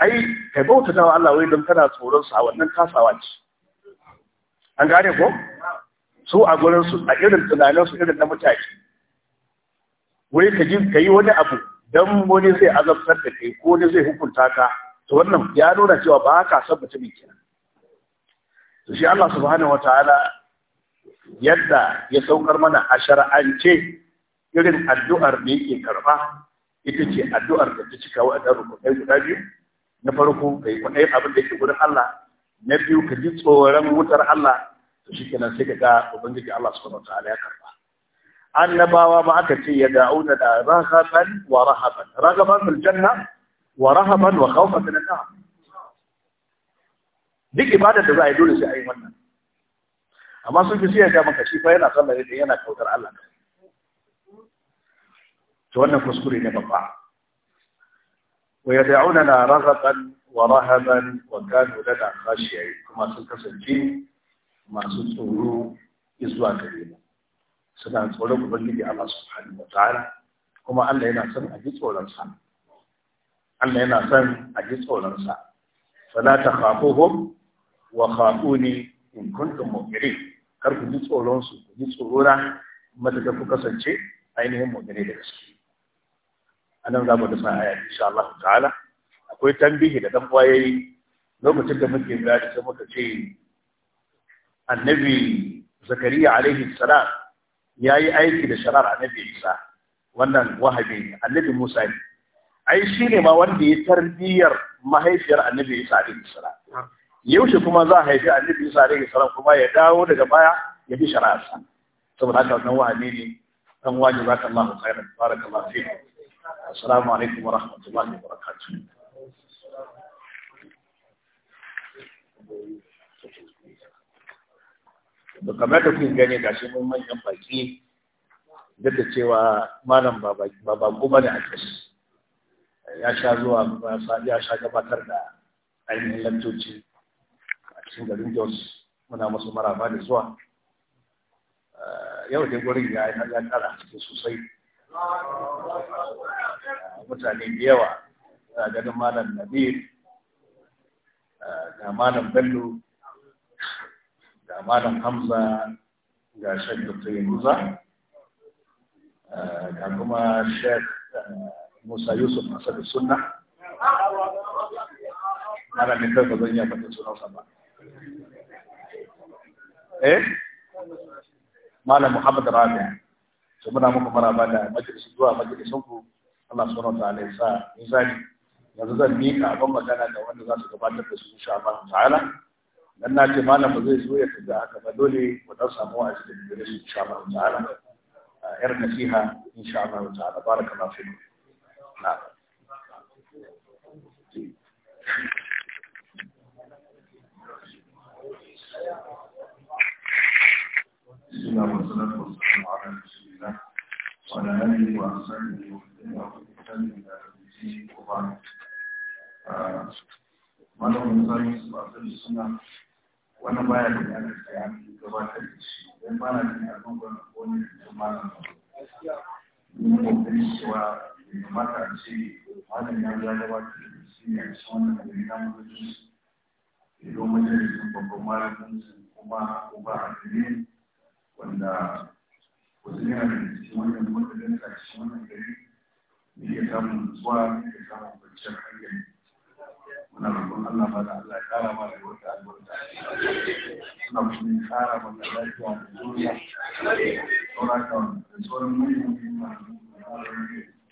ai kai bauta ta Allah wai don kana tsoron su a wannan kasawa ce an gane ko su a gurin su a irin tunanin su irin na mutane wai ka ji yi wani abu don wani zai azabtar da kai ko wani zai hukunta ka to wannan ya nuna cewa ba ka san mutumin kenan to shi Allah subhanahu wataala yadda ya saukar mana a shar'ance irin addu'ar da yake karba ita ce addu'ar da ta cika wa'adar rukunai guda biyu na farko kai kwadai abin da yake gurin Allah na biyu ka ji tsoron wutar Allah to shi kenan sai ka ga ubangiji Allah subhanahu wataala ya karba annabawa ma aka ce ya da'una da rahaban wa rahaban ragaban fil janna wa rahaban wa khawfan duk ibadar da za a yi dole sai a yi wannan amma sun fi siyar da maka shi fa yana sallah ne yana kautar Allah to wannan kuskure ne babba wa na raghatan wa rahaban wa kanu lana khashiyin kuma sun kasance masu tsoro izuwa gare mu suna tsoron ubangiji Allah subhanahu wa ta'ala kuma Allah yana son a ji tsoron sa Allah yana son a ji tsoronsa fala ta wa khafuni in kuntum mu'minin kar ku ji tsoronsu, ku ji tsorona ta ku kasance ainihin mu'mini da gaske nan za mu da sa aya insha Allah ta'ala akwai tambihi da dan waye lokacin da muke da sai muka ce annabi zakariya alaihi salam yayi aiki da sharar annabi isa wannan wahabi annabi musa ai shi ne ma wanda ya tarbiyyar mahaifiyar annabi isa alaihi salam yaushe kuma za a haifi annabi isa alaihi salam kuma ya dawo daga baya ya bi shari'arsa saboda haka wannan wahani ne dan wani baka Allah khairan barakallahu fi assalamu alaikum wa rahmatullahi wa barakatuh da kamar da kun ga shi mun manyan baki duk da cewa malam baba baba ko ne a kashi ya sha zuwa ya sha gabatar da ainihin lantoci a cikin garin jos muna masu maraba da zuwa yau da gurin ya ya kara cikin sosai mutane da yawa a ganin malam nabil ga malam bello ga malam hamza ga shek dr yanzu ga kuma shek Musa Yusuf Asadu Sunna malamin kai ba zan iya faɗin sunansa ba eh malam Muhammad Rabi to muna muku maraba da majalisi zuwa majalisin ku Allah subhanahu wa ta'ala ya sa mizani yanzu zan mika ban magana da wanda za su gabatar da su insha Allah ta'ala dan na ce malam ba zai zo ya kaga haka ba dole mu dan samu wa'azi da gare su ta'ala yar nasiha insha Allah ta'ala barakallahu الله suna baya da ya da ya gabatar da shi don ba na da ya gwagwa wani kamata a ce wannan ya ya gabatar da shi ne a cikin wannan abin da muka ji idan majalisun babban malamin su kuma uba a gare wanda wasu yana da cikin wannan matsalin a cikin wannan gari da iya samun nutsuwa da iya samun kwanciyar hankali muna roƙon Allah ba da Allah ya kara ma rayuwar da albarka suna kuma ya kara ma da lafiya da zuciya sauraka sauran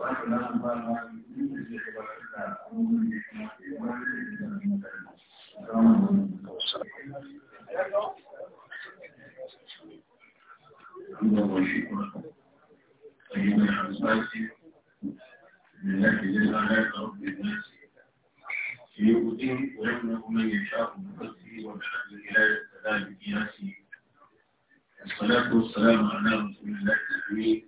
والسلام على رسول الله الكريم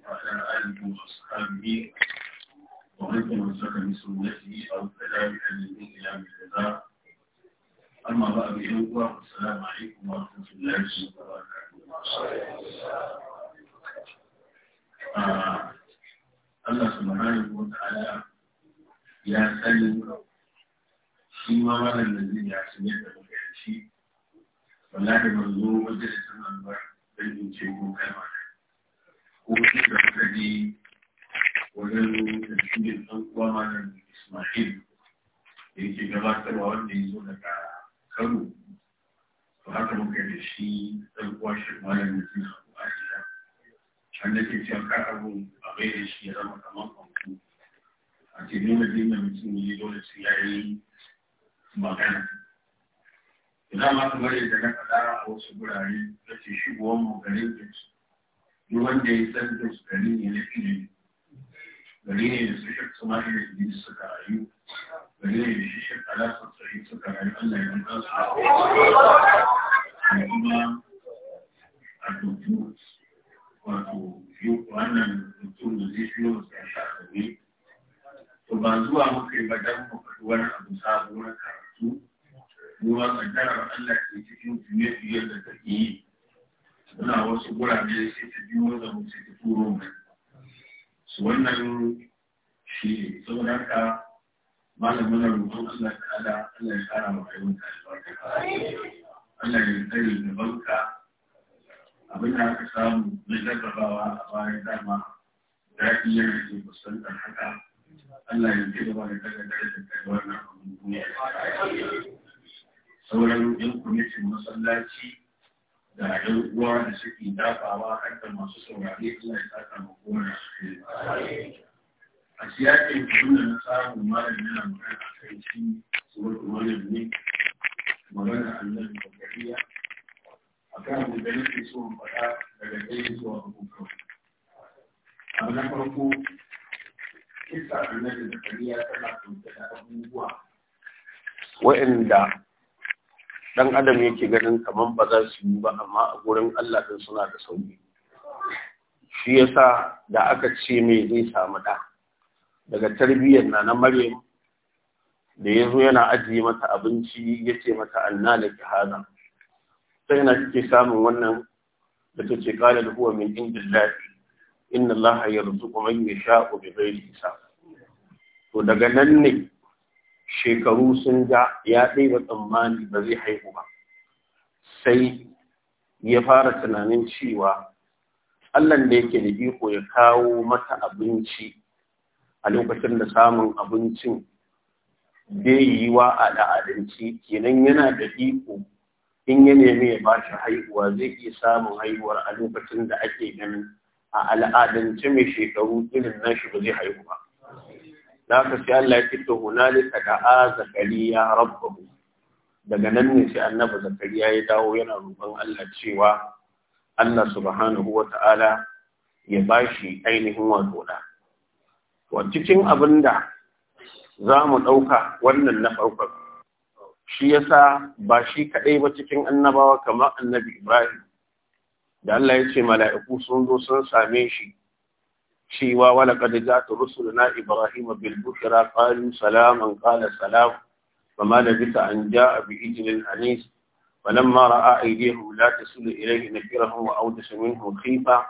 wannan ne magana annabi da a kan abin da nake so in faɗa daga ɗaya zuwa hukumar abu na farko kisa annabi da gariya tana ɗauke da abubuwa wa'anda dan adam yake ganin kaman ba za su yi ba amma a gurin Allah din suna da sauki shi yasa da aka ce me zai samu da daga tarbiyyar na na Maryam da ya zo yana ajiye mata abinci ya ce mata anna da ki haza sai yana kike samun wannan da ta ce kala da huwa min indillahi inna allaha yarzuqu man yasha'u bi hisab to daga nan ne shekaru sun ja ya ba tsammani ba zai haihu ba sai ya fara tunanin cewa Allahn da yake da iko ya kawo mata abinci a lokacin da samun abincin bai yi wa a al'adance kenan yana da iko in ya nemi ya ba shi haihuwa zai iya samun haihuwar a lokacin da ake ganin a al'adance mai shekaru irin shi ba zai haihu ba da ka sai Allah ya fito hunalika da a rabba mu. daga nan ne sai annabi Zakari ya yi dawo yana roƙon Allah cewa Allah subhanahu wa ta'ala ya bashi ainihin wato da cikin abin da za mu ɗauka wannan na farkon shi yasa ba shi kaɗai ba cikin annabawa kamar annabi ibrahim da Allah ya ce mala'iku sun zo sun same shi cewa wala kad ja'at rusuluna ibrahim bil bushra qalu salaman qala salam da labisa an ja'a bi ijlin anis فلما راى ايديهم لا تصل اليه نكرهم واوجس منهم خيفه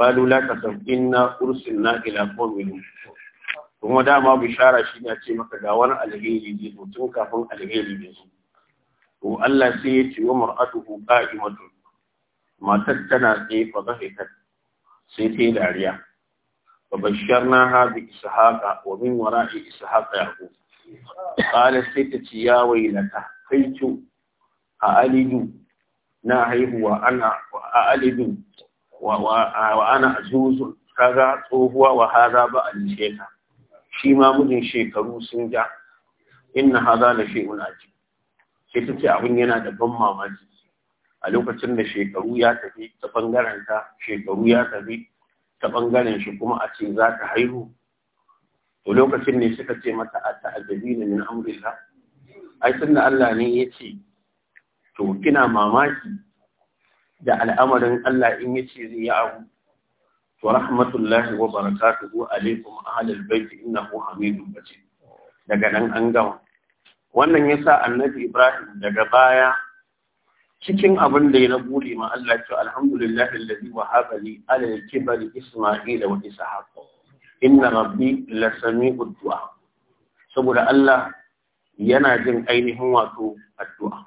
قالوا لا تخف انا ارسلنا الى قوم لوط kuma dama bishara shi ne ce maka ga wani alheri zai zo tun kafin alheri bai zo to Allah sai ya ce wa mar'atuhu qa'imatun matar tana tsaye fa zahikat sai ta yi dariya fa basharnaha bi ishaqa wa min wara'i ishaqa yaqub qala sai ta ce ya kai cu a alidu na haihuwa ana a alidu wa ana azuzun kaga tsohuwa wa ba ba alisheka shi ma mijin shekaru sun ja inna haza da shi ajib sai ta ce abin yana da ban mamaki a lokacin da shekaru ya tafi ta bangaren ta shekaru ya tafi ta bangaren shi kuma a ce za ta haihu to lokacin ne suka ce mata a ta'addabi ne min amrilla ai tunda Allah ne ya ce to kina mamaki da al'amarin Allah in yace zai yi abu ورحمة الله وبركاته عليكم أهل البيت إنه حميد مجيد daga nan an gama wannan yasa annabi Ibrahim daga baya cikin abin da ya na buɗe ma Allah ce alhamdulillah allazi wahaba li ala al-kibar Isma'il wa Ishaq inna rabbi lasami'ud du'a saboda Allah yana jin ainihin wato addu'a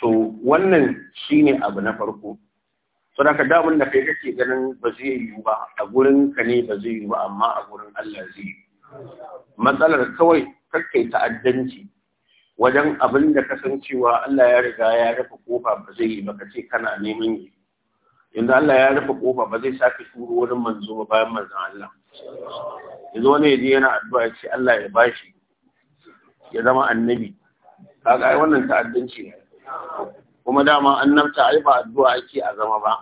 to wannan shine abu na farko Sau da ka damun da kai kake ganin ba zai yi ba a gurin ka ne ba zai yi ba amma a gurin Allah zai yi matsalar kawai kakkai ta'addanci wajen abin da ka san cewa Allah ya riga ya rufe kofa ba zai yi ba ka ce kana neman yi yanzu Allah ya rufe kofa ba zai sake turo wurin manzo ba bayan manzon Allah yanzu wani yaji yana addu'a ya ce Allah ya bashi ya zama annabi kaga ga wannan ta'addanci ne kuma dama annabta ai ba addu'a ake a zama ba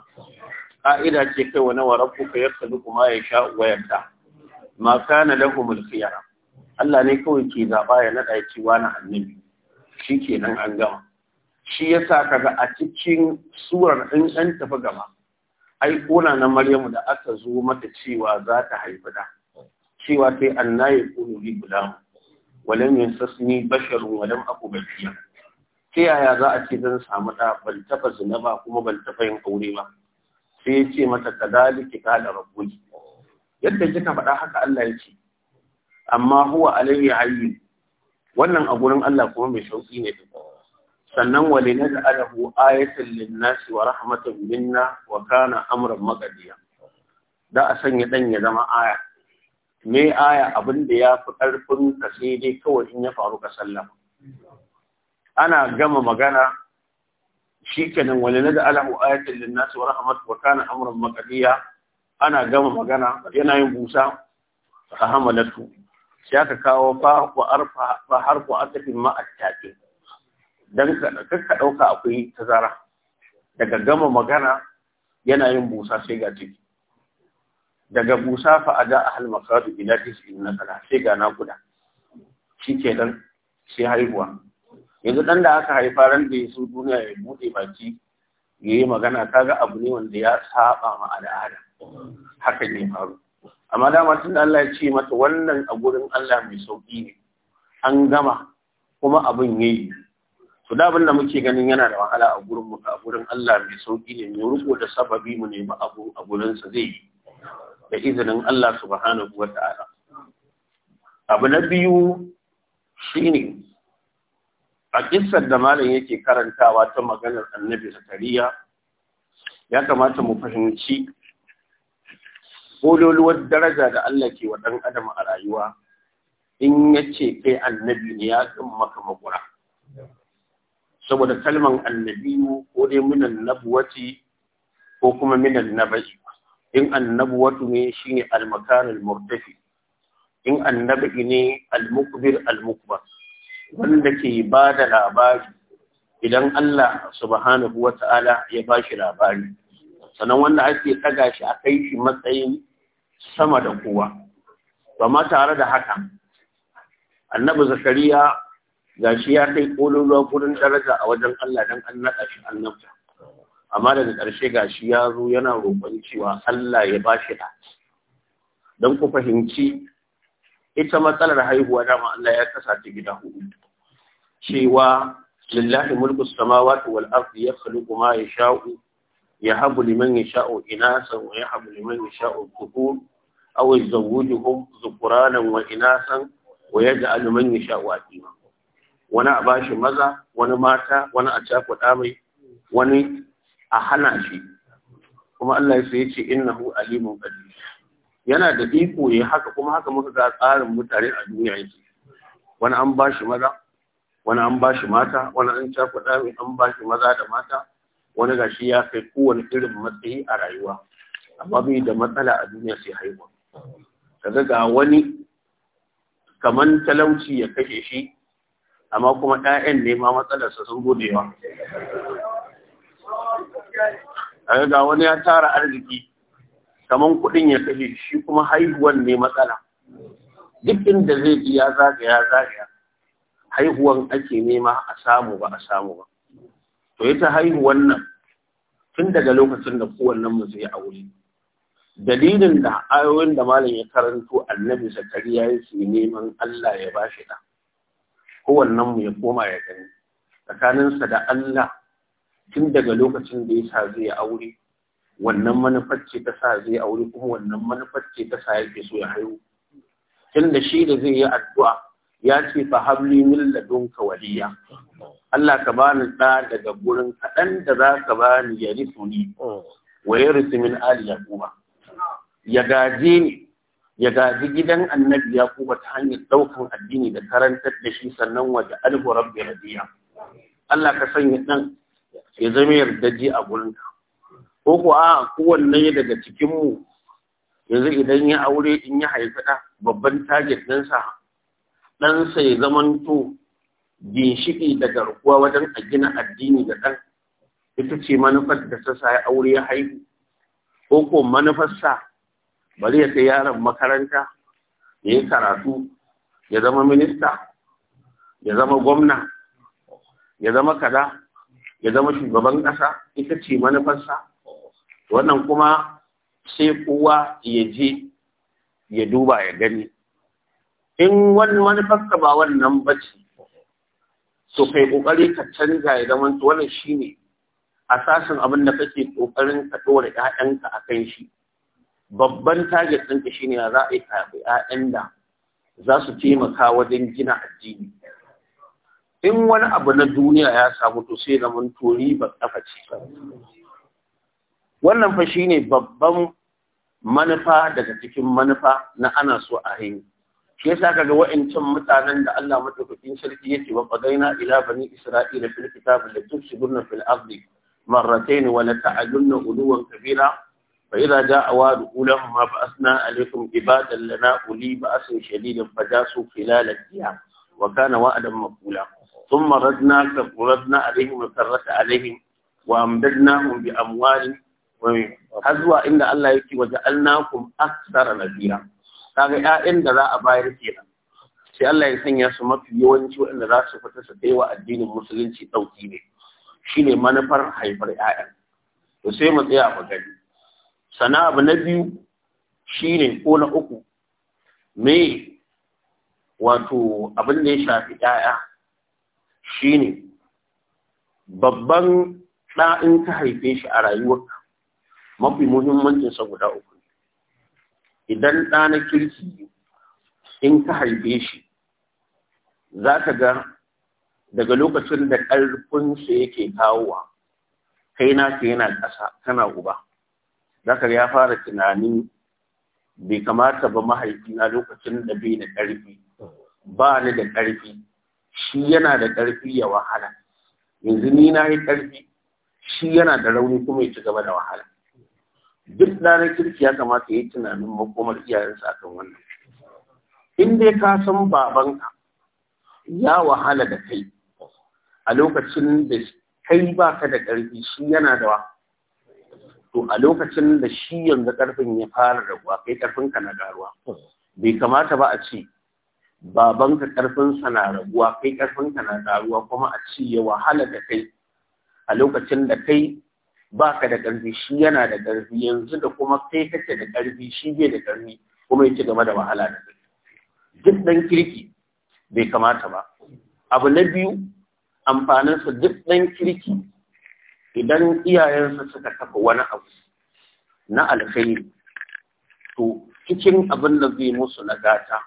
ka'ida ce kai wa nawa rabbuka kuma ya sha wa yarda ma kana lahum al Allah ne kawai ke zaba ya nada ci wani annabi shikenan an gama shi yasa kaga a cikin surar in an tafi gaba ai kona na Maryamu da aka zo mata cewa za ta haifi da cewa sai annayi kunu li gulam walam yansasni basharun walam aku bakiya ta yaya za a ce zan samu ɗa ban taɓa zina ba kuma ban taɓa yin aure ba sai ya ce mata ka dali ki kada rabbuki yadda kika faɗa haka Allah ya ce amma huwa alayhi hayyin wannan a gurin Allah kuma mai sauki ne sannan wali na da alahu ayatan linnasi wa rahmatan minna wa kana amran maqadiya da a sanya dan ya zama aya me aya abin da ya fi karfin ka sai dai kawai in ya faru ka sallama ana gama magana shi kenan wani da alamu ayatul linnasu wa rahmat wa kana amran maqdiya ana gama magana yana yin busa fa hamalatu sai aka kawo fa wa arfa fa harfu atafin ma attaqi dan ka ka dauka akwai tazara daga gama magana yana yin busa sai ga ciki daga busa fa ada ahal maqadu ila tis'in nasara, sai ga guda. shi kenan sai haihuwa yanzu dan da aka haifa ran da ya so duniya ya buɗe baki ya yi magana kaga abu ne wanda ya saba ma al'ada hakan ne faru amma dama tun da Allah ya ce mata wannan a gurin Allah mai sauki ne an gama kuma abin yayi to da abin da muke ganin yana da wahala a gurin mu a gurin Allah mai sauki ne mu riko da sababi mu nemi abu a gurin sa zai yi da izinin Allah subhanahu ta'ala abu na biyu shine a kissar da malam yake karantawa ta maganar annabi zakariya ya kamata mu fahimci ƙololuwar daraja da Allah ke wa ɗan adam a rayuwa in ya ce kai annabi ne ya kan maka magura saboda kalman Annabi ko dai minan nabuwati ko kuma minan nabai in annabuwatu ne shine almakan almurtafi in annabi ne almukbir almukbar wanda ke ba da labari idan Allah subhanahu wa ta'ala ya ba shi labari sannan wanda ake tsaga shi a kai shi matsayin sama da kowa ba ma tare da haka annabi zakariya gashi ya kai ruwa gurin daraja a wajen Allah don an naɗa shi annabta amma daga ƙarshe gashi ya zo yana roƙon cewa Allah ya ba shi da don ku fahimci ita matsalar haihuwa dama Allah ya kasa ta gida hudu cewa lillahi mulku samawati wal ardi yakhluqu ma yasha'u yahabu liman yasha'u inasan wa yahabu liman yasha'u dhukur aw yuzawwijuhum dhukranan wa inasan wa yaj'alu man yasha'u aqima wani a bashi maza wani mata wani a cakuɗa mai wani a hana shi kuma Allah ya ce innahu alimun qadir yana da iko ya haka kuma haka muka ga tsarin mutane a duniya yake wani an bashi maza wani an bashi mata wani an cakuɗa mai an bashi maza da mata wani gashi ya kai kowane irin matsayi a rayuwa amma bai da matsala a duniya sai haihuwa kaga ga wani kaman talauci ya kashe shi amma kuma ɗayan ne ma matsalarsa sun gode yawa kaga ga wani ya tara arziki kaman kuɗin ya kashe shi kuma haihuwan ne matsala duk inda zai ji ya zagaya zagaya haihuwan ake nema a samu ba a samu ba to ita haihuwan nan tun daga lokacin da kowannen mu zai aure dalilin da ayoyin da malam ya karanto annabi zakariya yake neman Allah ya bashi da kowannen mu ya koma ya gani tsakaninsa da Allah tun daga lokacin da ya sa zai aure wannan manufar ce ta sa zai aure kuma wannan manufar ce ta sa yake so ya haihu tun da shi da zai yi addu'a ya ce fa habli min ladunka waliya Allah ka bani da daga gurin kaɗan da za ka bani ya risu ni wa ya risu min ali yaquba ya gaji ni ya gaji gidan annabi yaquba ta hanyar ɗaukan addini da karantar da shi sannan waje alhu rabbi radiya Allah ka sanya dan ya zama yardaji a gurinka ko ku a kowanne daga cikin mu yanzu idan ya aure in ya haifi ɗa babban target ɗinsa ɗansa ya zamanto ginshiƙi da garkuwa wajen a gina addini da ɗan ita ce manufar da ta sa aure ya haihu ko ko manufarsa bari ya kai yaron makaranta ya yi karatu ya zama minista ya zama gwamna ya zama kada, ya zama shugaban ƙasa ita ce manufarsa wannan kuma sai uwa ya je ya duba ya gani in wani manufarka ba wannan ba ce to kai kokari ka canza ya zama wannan shi a asasin abin da kake kokarin ka dora ƴaƴanka kan shi babban target ɗinka shine za a yi ƴaƴan da za su taimaka wajen gina addini in wani abu na duniya ya samu to sai zama tori ba kafa ce wannan fa shine babban manufa daga cikin manufa na ana so a hanyar shi yasa kaga wa'ancan mutanen da Allah madaukakin sarki yake wa qadaina ila bani isra'ila fil kitab la tufsiduna fil ardi marratayn wa la ta'dunna uluwan kabira fa idza ja'a wa'd ulahuma fa asna alaykum ibadan lana uli ba'sin shadidan fajasu khilal al-diyam wa kana wa'dan maqula thumma radna radna alayhim karrata alayhim wa amdadnahum bi amwalin har zuwa inda Allah yake waje annakum aksara nabira kaga 'ya'yan da za a bayar kenan sai Allah ya sanya su mafi yawanci waɗanda za su fita su baiwa addinin musulunci dauki ne shine manufar haifar ƴaƴan to sai mu tsaya a gani sana abu na biyu shine ko na uku me wato abin da ya shafi ƴaƴa shine babban ɗa in ka haife shi a rayuwarka mafi muhimmancin sa guda uku idan ɗa na kirki in ka haife shi za ka ga daga lokacin da ƙarfinsa yake kawowa kai naka yana ƙasa kana uba za ka ya fara tunanin bai kamata ba mahaifina lokacin da bai da ƙarfi ba ni da ƙarfi shi yana da ƙarfi ya wahala yanzu ni na yi ƙarfi shi yana da rauni kuma ya ci gaba da wahala duk na kirki ya kamata ya yi tunanin makomar iyayensa akan wannan in dai ka san babanka ya wahala da kai a lokacin da kai baka da ƙarfi shi yana da wa to a lokacin da shi yanzu ƙarfin ya fara raguwa kai ƙarfinka na garuwa bai kamata ba a ce babanka ƙarfinsa na raguwa kai ƙarfinka na garuwa kuma a ce ya wahala da kai a lokacin da kai baka da ƙarfi shi yana da ƙarfi yanzu da kuma kai kake da ƙarfi shi bai da ƙarfi kuma ya ci da wahala da kai duk ɗan kirki bai kamata ba abu na biyu amfaninsa duk ɗan kirki idan iyayensa suka kafa wani abu na alkhairi to cikin abin da zai musu na gata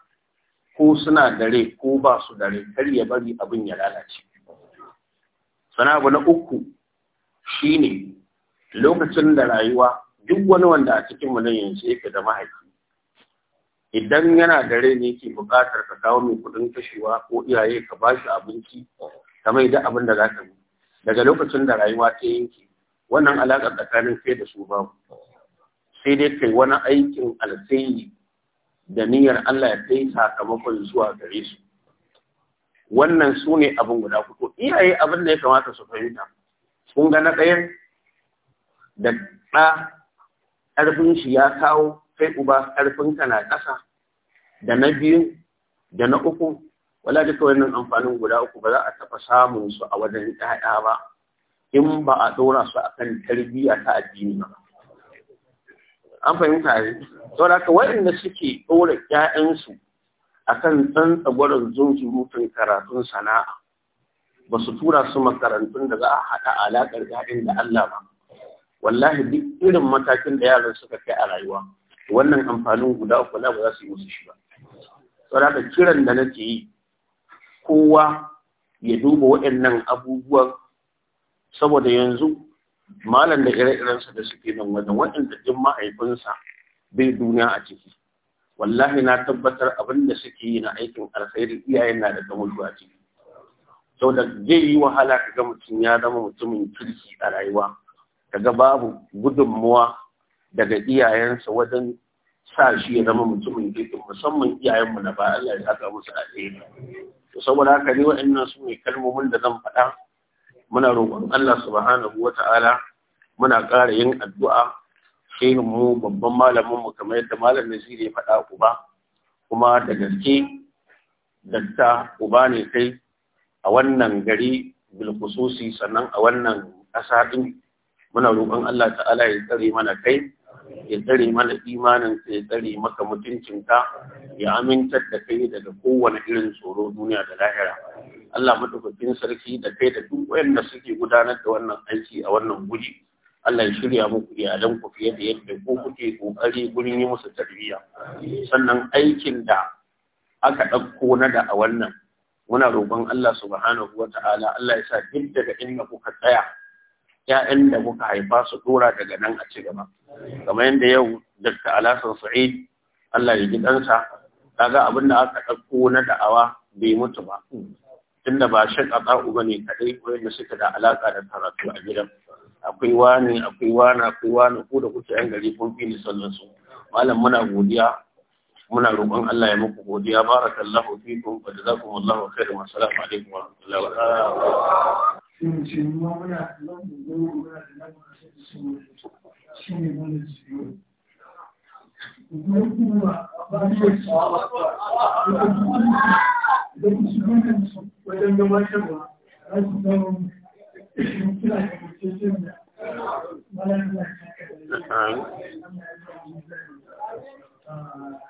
ko suna dare ko ba su dare, kar ya bari abin ya lalace sana abu na uku shine lokacin da rayuwa duk wani wanda a cikin mu nan yanzu yake da mahaifi idan yana da rai ne yake buƙatar ka kawo mai kuɗin kashewa ko iyaye ka ba shi abinci ka mai da abin da za ka yi daga lokacin da rayuwa ta yanke wannan alaƙar tsakanin kai da su babu sai dai kai wani aikin alkhairi da niyyar Allah ya kai sakamakon zuwa gare su wannan su ne abin guda kuto iyaye abin da ya kamata su fahimta kun ga na ɗayan da ɗa ƙarfin shi ya kawo kai uba ƙarfin ka na ƙasa da na biyu da na uku wala duka wannan amfanin guda uku ba za a taɓa samun su a wajen ɗaya ba in ba a ɗora su a kan tarbiyya ta addini ba an fahimta ne saboda haka waɗanda suke ɗora ƴaƴansu kan tsantsa gwarin zunzurutun karatun sana'a ba su tura su makarantun da za a haɗa alaƙar ƴaƴan da Allah ba wallahi duk irin matakin da yaran suka kai a rayuwa wannan amfanin guda uku na ba za su yi musu shi ba saboda kiran da nake yi kowa ya duba waɗannan abubuwan saboda yanzu malam da ire-irensa da suke nan wajen waɗanda jin mahaifinsa bai duniya a ciki wallahi na tabbatar abin da suke yi na aikin alkhairi iyayen na da gamutu a ciki sau da zai yi wahala ka ga mutum ya zama mutumin kirki a rayuwa kaga babu gudunmuwa daga iyayensa wajen sa shi ya zama mutumin gidi musamman iyayenmu na ba Allah ya saka musu alheri to saboda haka ne waɗannan su ne kalmomin da zan faɗa muna roƙon Allah subhanahu ta'ala, muna ƙara yin addu'a shehin mu babban malamin mu kamar yadda malam Naziri ya faɗa uba kuma da gaske dakta uba ne kai a wannan gari bilkususi sannan a wannan ƙasa ɗin muna roƙon Allah ta'ala ya tsare mana kai ya tsare mana imanin ya tsare maka mutuncinka ya amintar da kai daga kowane irin tsoro duniya da lahira Allah madaukakin sarki da kai da duk wayanda suke gudanar da wannan aiki a wannan guri Allah ya shirya muku iyalan ku fiye da yadda ko kuke kokari gurin yi musu tarbiyya sannan aikin da aka ɗauko na da a wannan muna roƙon Allah subhanahu wa ta'ala Allah ya sa duk daga inda kuka tsaya 'ya'yan da muka haifa su dora daga nan a ci gaba kamar yadda yau Dr. Alhassan Sa'id Allah ya ji ɗansa kaga abin da aka ɗauko na da'awa bai mutu ba tunda ba shan ƙasa ba ne kaɗai wanda suka da alaƙa da karatu a gidan akwai wani akwai wani akwai wani ko da kuke yan gari kun fi ni sallan malam muna godiya من ربنا الله يمكم ودي أبارك الله فيكم وجزاكم الله خير والسلام عليكم ورحمة الله وبركاته Thank you.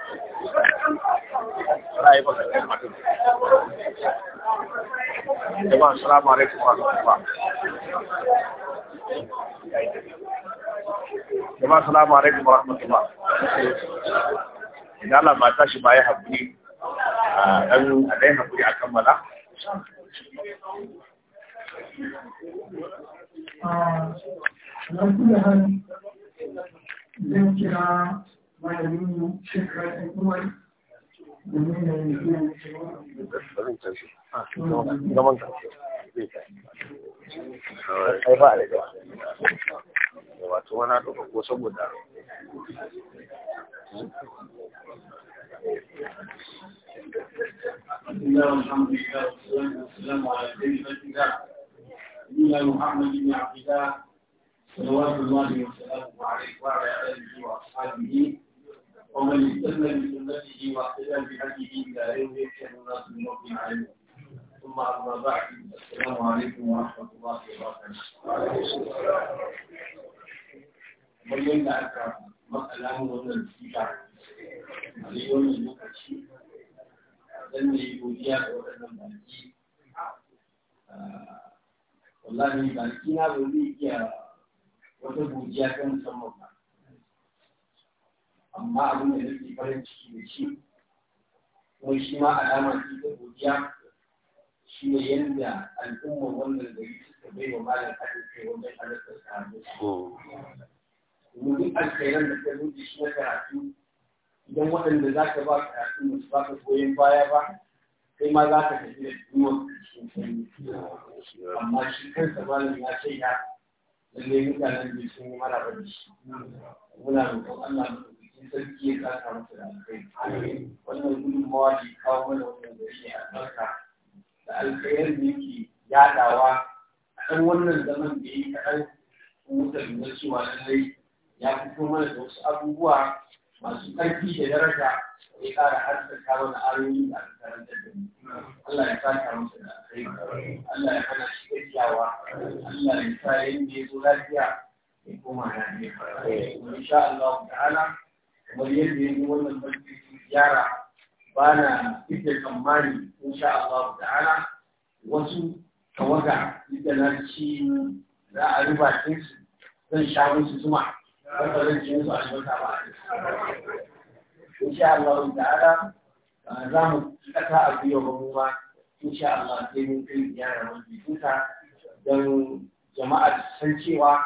jama'a salamu alaikum wa rahmatullah jama'a salamu alaikum wa rahmatullah mata shi ba ya haƙuri a ɗan a a kammala a ɗan kira wato wani haɗuka ko saboda Bismillahirrahmanirrahim. Assalamu alaikum. Assalamu alaikum. Ina Muhammad bin Abdullah. Salawatu wa salamu alayhi wa ala alihi wa ashabihi. ومن استنى بسنته واهتدى بهديه الى يوم يحشر الناس من رب العالمين ثم اما بعد السلام عليكم ورحمه الله وبركاته. bayyana aka matsalamu wannan sifa a wannan lokaci zan yi godiya ga waɗannan baki wallahi baki na ba zai iya wata godiya kan musamman ba amma abin da nake farin ciki da shi kuma shi ma alama ce ta godiya shi ne yadda al'ummar wannan gari suka bai wa malam haɗin kai wajen halittar samu domin duk alkhairan da ta zuci shi na karatu idan waɗanda za ka ba karatu musu ba ka goyon baya ba kai ma za ka tafi da duniyar cikin sanyi amma shi kansa malam ya ce ya lallai mutanen da sun yi mara ba da shi muna roƙon Allah lokacin sarki ya kasa masa da alkai wannan gudunmawa da kawo mana wannan gari ne albarka da alkhairar da yake yadawa a ɗan wannan zaman da ya kaɗan mutar da cewa lallai ya fito mana da wasu abubuwa masu ƙarfi da daraja ya ƙara haskaka mana ayoyi da aka karanta da mu Allah ya saka masa da alkhairi Allah ya hana shi gajiyawa Allah ya sa yanda ya zo lafiya ya koma da lafiya insha Allah ta'ala kamar yadda ya yi wannan masjidin ziyara ba na ita tsammani insha Allah ana, wasu tawaga ita na ci za a riba su zan sha musu zuma wanda zan ci musu albarka ba insha Allah ta'ala za mu kasa a biyo ba mu ma insha Allah sai mun kai ziyara masjidin ta don jama'a san cewa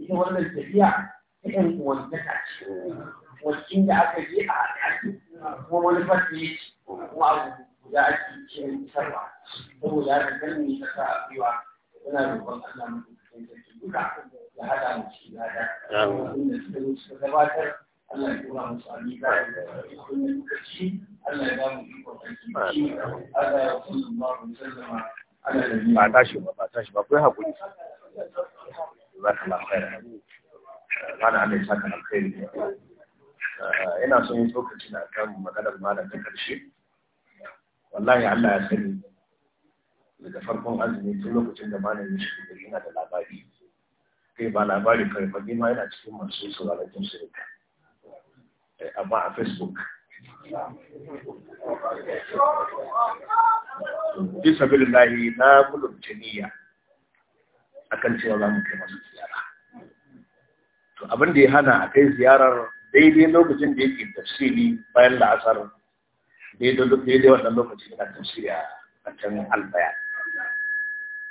ita wannan tafiya ta ƴan ta ce wajen da aka yi a haɗe kuma wani fata ya ce kuma abu guda ake ce mai isarwa saboda haka kan ne ta sa a yana roƙon Allah mu duka ya haɗa mu cikin lada wanda suka zo suka gabatar Allah ya tura musu alika wanda suka ci Allah ya ba mu ikon aiki shi Allah ya sallallahu alaihi wasallam ba tashi ba ba tashi ba kai hakuri zaka lafiya mana Allah ya saka alkhairi yana eh, son tsokaci na kan maganar da ta karshe wallahi Allah ya sani daga farkon azumi tun lokacin da malam ya shiga yana da labari kai ba labari kai ba ma yana cikin masu sauraron jin sirri eh, amma a facebook fi sabilillahi na gudunta niyya akan cewa za mu kai masu ziyara to abin da ya hana a kai ziyarar daidai lokacin da yake tafsiri bayan la'asar daidai wannan lokacin yana tafsiri a can albaya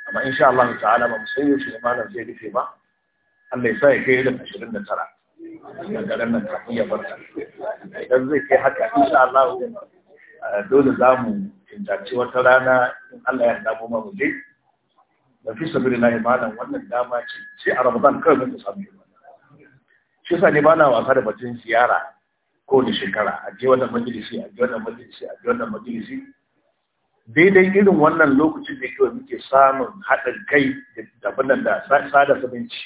amma insha Allah ta'ala ba musayi shi yau shi malam zai rufe ba Allah ya sa ya kai da 29 da garin nan kafin ya barka. idan zai kai haka insha Allah dole za mu tuntaci wata rana in Allah ya damu mu je da fi sabirin lahi malam wannan dama ce sai a Ramadan kawai mun samu shi sa ne ba na wasa da batun ziyara ko da shekara a je wannan majalisi a je wannan majalisi a je wannan majalisi daidai irin wannan lokacin da kawai muke samun haɗin kai da abin da sada zumunci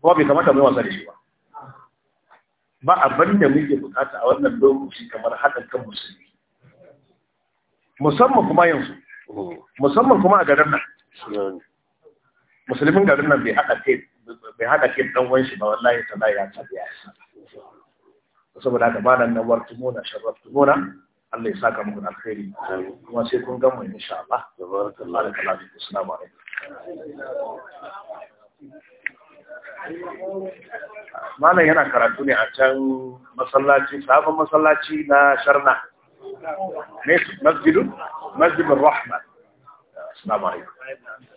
kuma bai kamata mai wasa da shi ba ba abin da muke bukata a wannan lokaci kamar haɗin kan musulmi musamman kuma yanzu hmm. musamman kuma a garin nan hmm. musulmin garin nan bai haɗa kai bai haɗa kin ɗan wanshi ba wallahi ta ya tabi ya isa saboda haka ba nan nawar tumuna sharraf tumuna Allah ya saka muku da alkhairi kuma sai kun gama insha Allah tabarakallah assalamu alaikum malam yana karatu ne a can masallaci sabon masallaci na sharna ne masjidu masjidun rahman assalamu alaikum